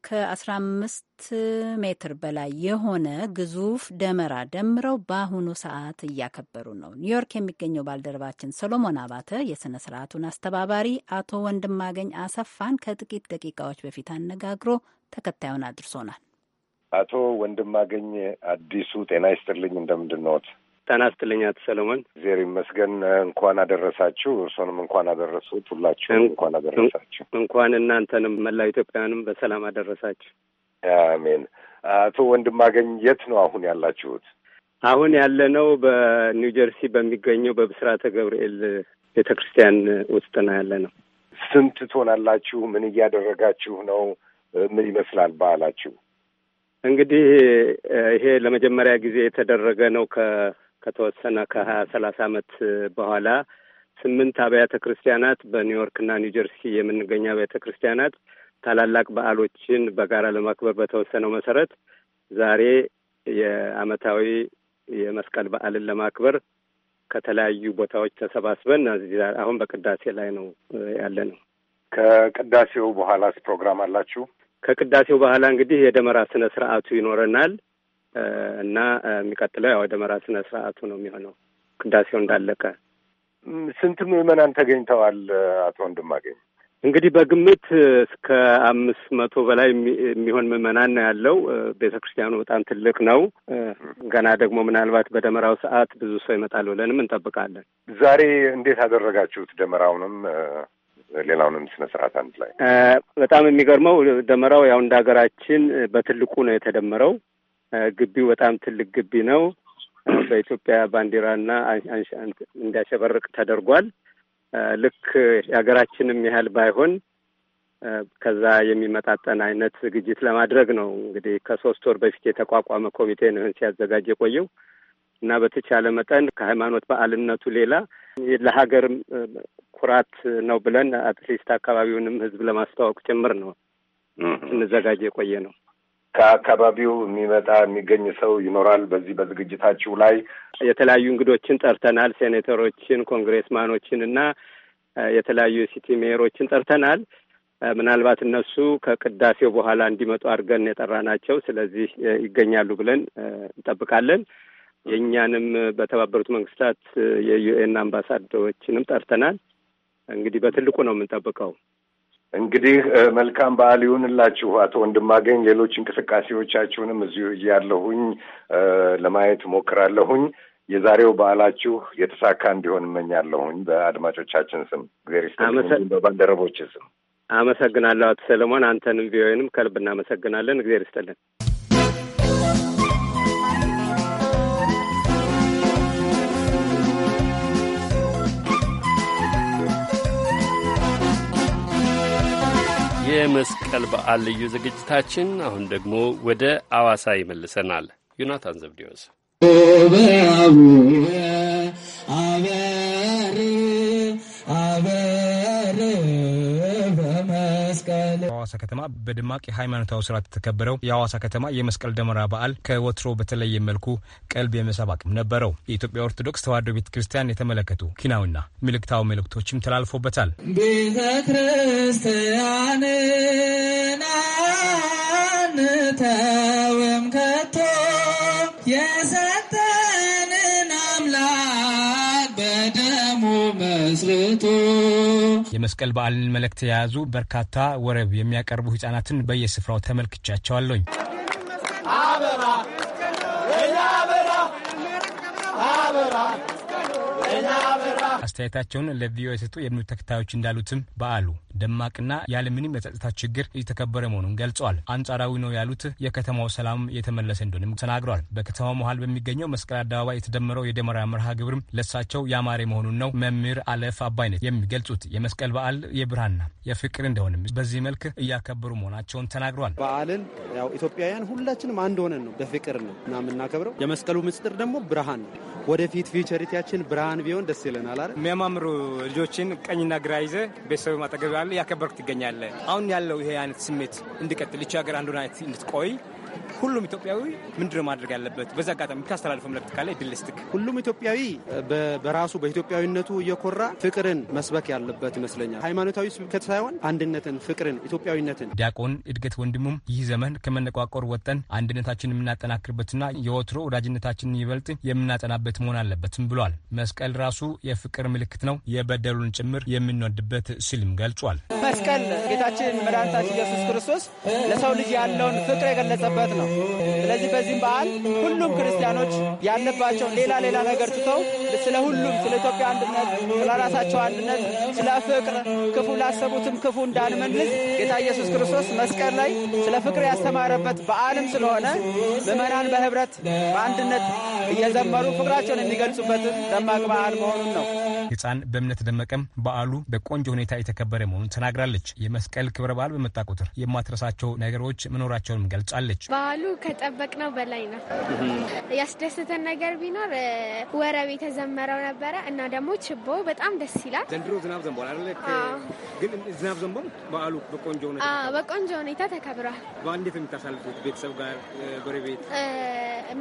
S2: ከ15 ሜትር በላይ የሆነ ግዙፍ ደመራ ደምረው በአሁኑ ሰዓት እያከበሩ ነው። ኒውዮርክ የሚገኘው ባልደረባችን ሰሎሞን አባተ የሥነ ሥርዓቱን አስተባባሪ አቶ ወንድማገኝ አሰፋን ከጥቂት ደቂቃዎች በፊት አነጋግሮ ተከታዩን አድርሶናል።
S6: አቶ ወንድማገኝ አዲሱ ጤና ይስጥልኝ፣ እንደምንድን ነዎት? ጤና ይስጥልኝ አቶ ሰለሞን። እግዜር ይመስገን። እንኳን አደረሳችሁ። እርሶንም እንኳን አደረሱት። ሁላችሁም እንኳን አደረሳችሁ። እንኳን እናንተንም መላው ኢትዮጵያውያንም በሰላም አደረሳችሁ። አሜን። አቶ ወንድማገኝ የት ነው አሁን ያላችሁት? አሁን ያለነው በኒው ጀርሲ በሚገኘው በብስራተ ገብርኤል ቤተ ክርስቲያን ውስጥ ነው ያለ ነው። ስንት ትሆናላችሁ? ምን እያደረጋችሁ ነው? ምን ይመስላል በዓላችሁ? እንግዲህ ይሄ ለመጀመሪያ ጊዜ የተደረገ ነው ከ ከተወሰነ ከሀያ ሰላሳ ዓመት በኋላ ስምንት አብያተ ክርስቲያናት በኒውዮርክና ኒውጀርሲ የምንገኝ አብያተ ክርስቲያናት ታላላቅ በዓሎችን በጋራ ለማክበር በተወሰነው መሰረት ዛሬ የአመታዊ የመስቀል በዓልን ለማክበር ከተለያዩ ቦታዎች ተሰባስበን አሁን በቅዳሴ ላይ ነው ያለ ነው። ከቅዳሴው በኋላስ ፕሮግራም አላችሁ? ከቅዳሴው በኋላ እንግዲህ የደመራ ስነ ስርዓቱ ይኖረናል። እና የሚቀጥለው ያው ደመራ ስነ ስርዓቱ ነው የሚሆነው። ቅዳሴው እንዳለቀ ስንት ምዕመናን ተገኝተዋል? አቶ ወንድማገኝ እንግዲህ በግምት እስከ አምስት መቶ በላይ የሚሆን ምዕመናን ነው ያለው። ቤተ ክርስቲያኑ በጣም ትልቅ ነው። ገና ደግሞ ምናልባት በደመራው ሰዓት ብዙ ሰው ይመጣል ብለንም እንጠብቃለን። ዛሬ እንዴት አደረጋችሁት? ደመራውንም ሌላውንም ስነ ስርዓት አንድ ላይ። በጣም የሚገርመው ደመራው ያው እንደ ሀገራችን በትልቁ ነው የተደመረው። ግቢው በጣም ትልቅ ግቢ ነው። በኢትዮጵያ ባንዲራና እንዲያሸበርቅ ተደርጓል። ልክ የሀገራችንም ያህል ባይሆን ከዛ የሚመጣጠን አይነት ዝግጅት ለማድረግ ነው። እንግዲህ ከሶስት ወር በፊት የተቋቋመ ኮሚቴ ነው ሲያዘጋጅ የቆየው እና በተቻለ መጠን ከሃይማኖት በዓልነቱ ሌላ ለሀገር ኩራት ነው ብለን አትሊስት አካባቢውንም ህዝብ ለማስተዋወቅ ጭምር ነው ስንዘጋጅ የቆየ ነው። ከአካባቢው የሚመጣ የሚገኝ ሰው ይኖራል። በዚህ በዝግጅታችሁ ላይ የተለያዩ እንግዶችን ጠርተናል። ሴኔተሮችን፣ ኮንግሬስማኖችን እና የተለያዩ የሲቲ ሜየሮችን ጠርተናል። ምናልባት እነሱ ከቅዳሴው በኋላ እንዲመጡ አድርገን የጠራናቸው፣ ስለዚህ ይገኛሉ ብለን እንጠብቃለን። የእኛንም በተባበሩት መንግስታት የዩኤን አምባሳደሮችንም ጠርተናል። እንግዲህ በትልቁ ነው የምንጠብቀው። እንግዲህ መልካም በዓል ይሁንላችሁ አቶ ወንድማገኝ። ሌሎች እንቅስቃሴዎቻችሁንም እዚሁ እያለሁኝ ለማየት ሞክራለሁኝ። የዛሬው በዓላችሁ የተሳካ እንዲሆን እመኛለሁኝ በአድማጮቻችን ስም እግዚአብሔር ይስጥልኝ፣ በባልደረቦች ስም አመሰግናለሁ። አቶ ሰለሞን አንተንም ቪኦኤንም ከልብ እናመሰግናለን። እግዜር ይስጥልን።
S1: የመስቀል በዓል ልዩ ዝግጅታችን አሁን ደግሞ ወደ አዋሳ ይመልሰናል። ዮናታን ዘብዴዎስ
S3: አበር በመስቀል
S20: ከተማ በደማቅ የሃይማኖታዊ ስርዓት የተከበረው የሐዋሳ ከተማ የመስቀል ደመራ በዓል ከወትሮ በተለየ መልኩ ቀልብ የመሳብ አቅም ነበረው። የኢትዮጵያ ኦርቶዶክስ ተዋሕዶ ቤተ ክርስቲያን የተመለከቱ ኪናዊና ምልክታዊ መልእክቶችም ተላልፎበታል።
S3: ቤተ ክርስቲያንን አንተውም ከቶ
S20: መስርቶ የመስቀል በዓልን መልእክት የያዙ በርካታ ወረብ የሚያቀርቡ ህጻናትን በየስፍራው ተመልክቻቸዋለኝ። አስተያየታቸውን ለቪኦኤ የሰጡ የእምነቱ ተከታዮች እንዳሉትም በዓሉ ደማቅና ያለምንም የጸጥታ ችግር እየተከበረ መሆኑን ገልጸዋል። አንጻራዊ ነው ያሉት የከተማው ሰላም የተመለሰ እንደሆንም ተናግሯል በከተማው መሀል በሚገኘው መስቀል አደባባይ የተደመረው የደመራ መርሃ ግብርም ለሳቸው ያማረ መሆኑን ነው መምህር አለፍ አባይነት የሚገልጹት። የመስቀል በዓል የብርሃንና የፍቅር እንደሆንም በዚህ መልክ እያከበሩ መሆናቸውን ተናግሯል።
S7: በዓልን ያው ኢትዮጵያውያን ሁላችንም አንድ ሆነን ነው በፍቅር ነው እና
S20: የምናከብረው። የመስቀሉ ምስጢር ደግሞ ብርሃን ነው። ወደፊት ፊውቸሪቲያችን ብርሃን ቢሆን ደስ ይለናል አይደል? የሚያማምሩ ልጆችን ቀኝና ግራ ይዘ ቤተሰብ አጠገብ ያለ ያከበርክ ትገኛለ። አሁን ያለው ይሄ አይነት ስሜት እንዲቀጥል ይቺ ሀገር አንዱን አይነት እንድትቆይ ሁሉም ኢትዮጵያዊ ምንድነው ማድረግ ያለበት? በዛ አጋጣሚ የምታስተላልፈው መልእክት ካለ ድልስትክ
S7: ሁሉም ኢትዮጵያዊ በራሱ በኢትዮጵያዊነቱ እየኮራ ፍቅርን መስበክ ያለበት ይመስለኛል። ሃይማኖታዊ ስብከት ሳይሆን አንድነትን፣ ፍቅርን፣ ኢትዮጵያዊነትን።
S20: ዲያቆን እድገት ወንድሙም ይህ ዘመን ከመነቋቆር ወጠን አንድነታችን የምናጠናክርበትና የወትሮ ወዳጅነታችንን ይበልጥ የምናጠናበት መሆን አለበትም ብሏል። መስቀል ራሱ የፍቅር ምልክት ነው። የበደሉን ጭምር የምንወድበት ሲልም ገልጿል።
S3: መስቀል ጌታችን መድኃኒታችን
S8: ኢየሱስ ክርስቶስ ለሰው ልጅ ያለውን ፍቅር የገለጸበት ነው። ስለዚህ በዚህም በዓል ሁሉም ክርስቲያኖች ያለባቸውን ሌላ ሌላ ነገር ትተው ስለ ሁሉም ስለ ኢትዮጵያ አንድነት፣ ስለ ራሳቸው አንድነት፣ ስለ ፍቅር ክፉ ላሰቡትም ክፉ እንዳንመልስ ጌታ ኢየሱስ ክርስቶስ መስቀል ላይ ስለ ፍቅር ያስተማረበት በዓልም ስለሆነ ምዕመናን በህብረት
S13: በአንድነት እየዘመሩ ፍቅራቸውን የሚገልጹበት ደማቅ በዓል መሆኑን ነው።
S20: ህፃን በእምነት ደመቀም በዓሉ በቆንጆ ሁኔታ የተከበረ መሆኑን ተናግሯል። ተናግራለች። የመስቀል ክብረ በዓል በመጣ ቁጥር የማትረሳቸው ነገሮች መኖራቸውንም ገልጻለች። በዓሉ ከጠበቅነው በላይ ነው።
S10: ያስደሰተን ነገር ቢኖር ወረብ የተዘመረው ነበረ እና ደግሞ ችቦ በጣም ደስ ይላል። ዘንድሮ
S20: ዝናብ ዘንቧል አለ። ግን ዝናብ ዘንቦም በዓሉ በቆንጆ ሁኔታ
S10: በቆንጆ ሁኔታ ተከብሯል።
S20: በአንዴት የምታሳልፉት ቤተሰብ ጋር ጎረቤት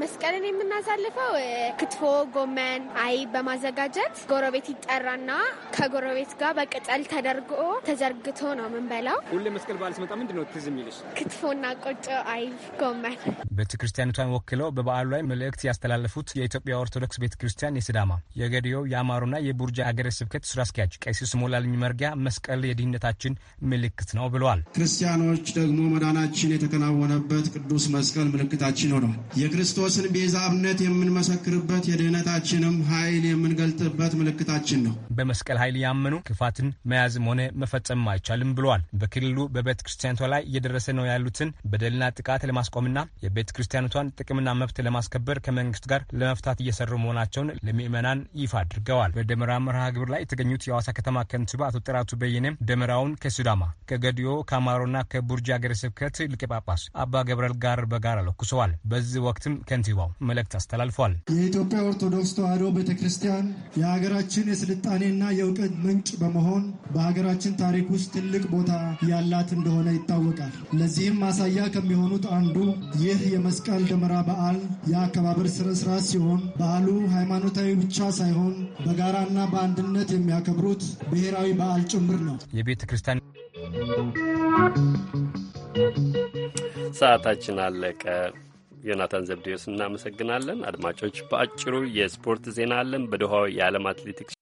S10: መስቀልን የምናሳልፈው ክትፎ፣ ጎመን፣ አይብ በማዘጋጀት ጎረቤት ይጠራና ከጎረቤት ጋር በቅጠል ተደርጎ ተዘርጋ አስግቶ ነው የምንበላው።
S20: ሁሌ መስቀል በዓል ሲመጣ ምንድን ነው ትዝ የሚልሽ? ክትፎና ቆጮ፣ አይብ፣ ጎመን። ቤተ ክርስቲያኒቷን ወክለው በበዓሉ ላይ መልእክት ያስተላለፉት የኢትዮጵያ ኦርቶዶክስ ቤተ ክርስቲያን የስዳማ የገዲዮ የአማሮና የቡርጃ ሀገረ ስብከት ስራ አስኪያጅ ቀሲስ ሞላልኝ መርጊያ መስቀል የድህነታችን ምልክት ነው ብለዋል።
S7: ክርስቲያኖች ደግሞ መዳናችን የተከናወነበት ቅዱስ መስቀል ምልክታችን ሆነዋል። የክርስቶስን
S20: ቤዛብነት የምንመሰክርበት የድህነታችንም ኃይል የምንገልጥበት ምልክታችን ነው። በመስቀል ኃይል ያመኑ ክፋትን መያዝም ሆነ መፈጸም አይቻልም ብለዋል። በክልሉ በቤተ ክርስቲያኒቷ ላይ እየደረሰ ነው ያሉትን በደልና ጥቃት ለማስቆምና የቤተ ክርስቲያኒቷን ጥቅምና መብት ለማስከበር ከመንግስት ጋር ለመፍታት እየሰሩ መሆናቸውን ለምዕመናን ይፋ አድርገዋል። በደመራ መርሃ ግብር ላይ የተገኙት የአዋሳ ከተማ ከንቲባ አቶ ጥራቱ በየነ ደመራውን ከሱዳማ ከገዲዮ ከአማሮና ከቡርጂ ሀገረ ስብከት ሊቀ ጳጳስ አባ ገብረል ጋር በጋራ ለኩሰዋል። በዚህ ወቅትም ከንቲባው መልእክት አስተላልፏል።
S7: የኢትዮጵያ ኦርቶዶክስ ተዋሕዶ ቤተ ክርስቲያን የሀገራችን የስልጣኔና
S15: የእውቀት ምንጭ በመሆን በሀገራችን ታሪክ ውስጥ ውስጥ ትልቅ ቦታ ያላት እንደሆነ ይታወቃል። ለዚህም ማሳያ ከሚሆኑት አንዱ ይህ የመስቀል ደመራ በዓል የአከባበር ስርዓት ሲሆን በዓሉ ሃይማኖታዊ ብቻ ሳይሆን በጋራና በአንድነት የሚያከብሩት ብሔራዊ በዓል ጭምር ነው።
S20: የቤተ ክርስቲያን
S1: ሰዓታችን አለቀ። ዮናታን ዘብዴዎስ እናመሰግናለን። አድማጮች፣ በአጭሩ የስፖርት ዜና አለን። በዶሃው የዓለም አትሌቲክስ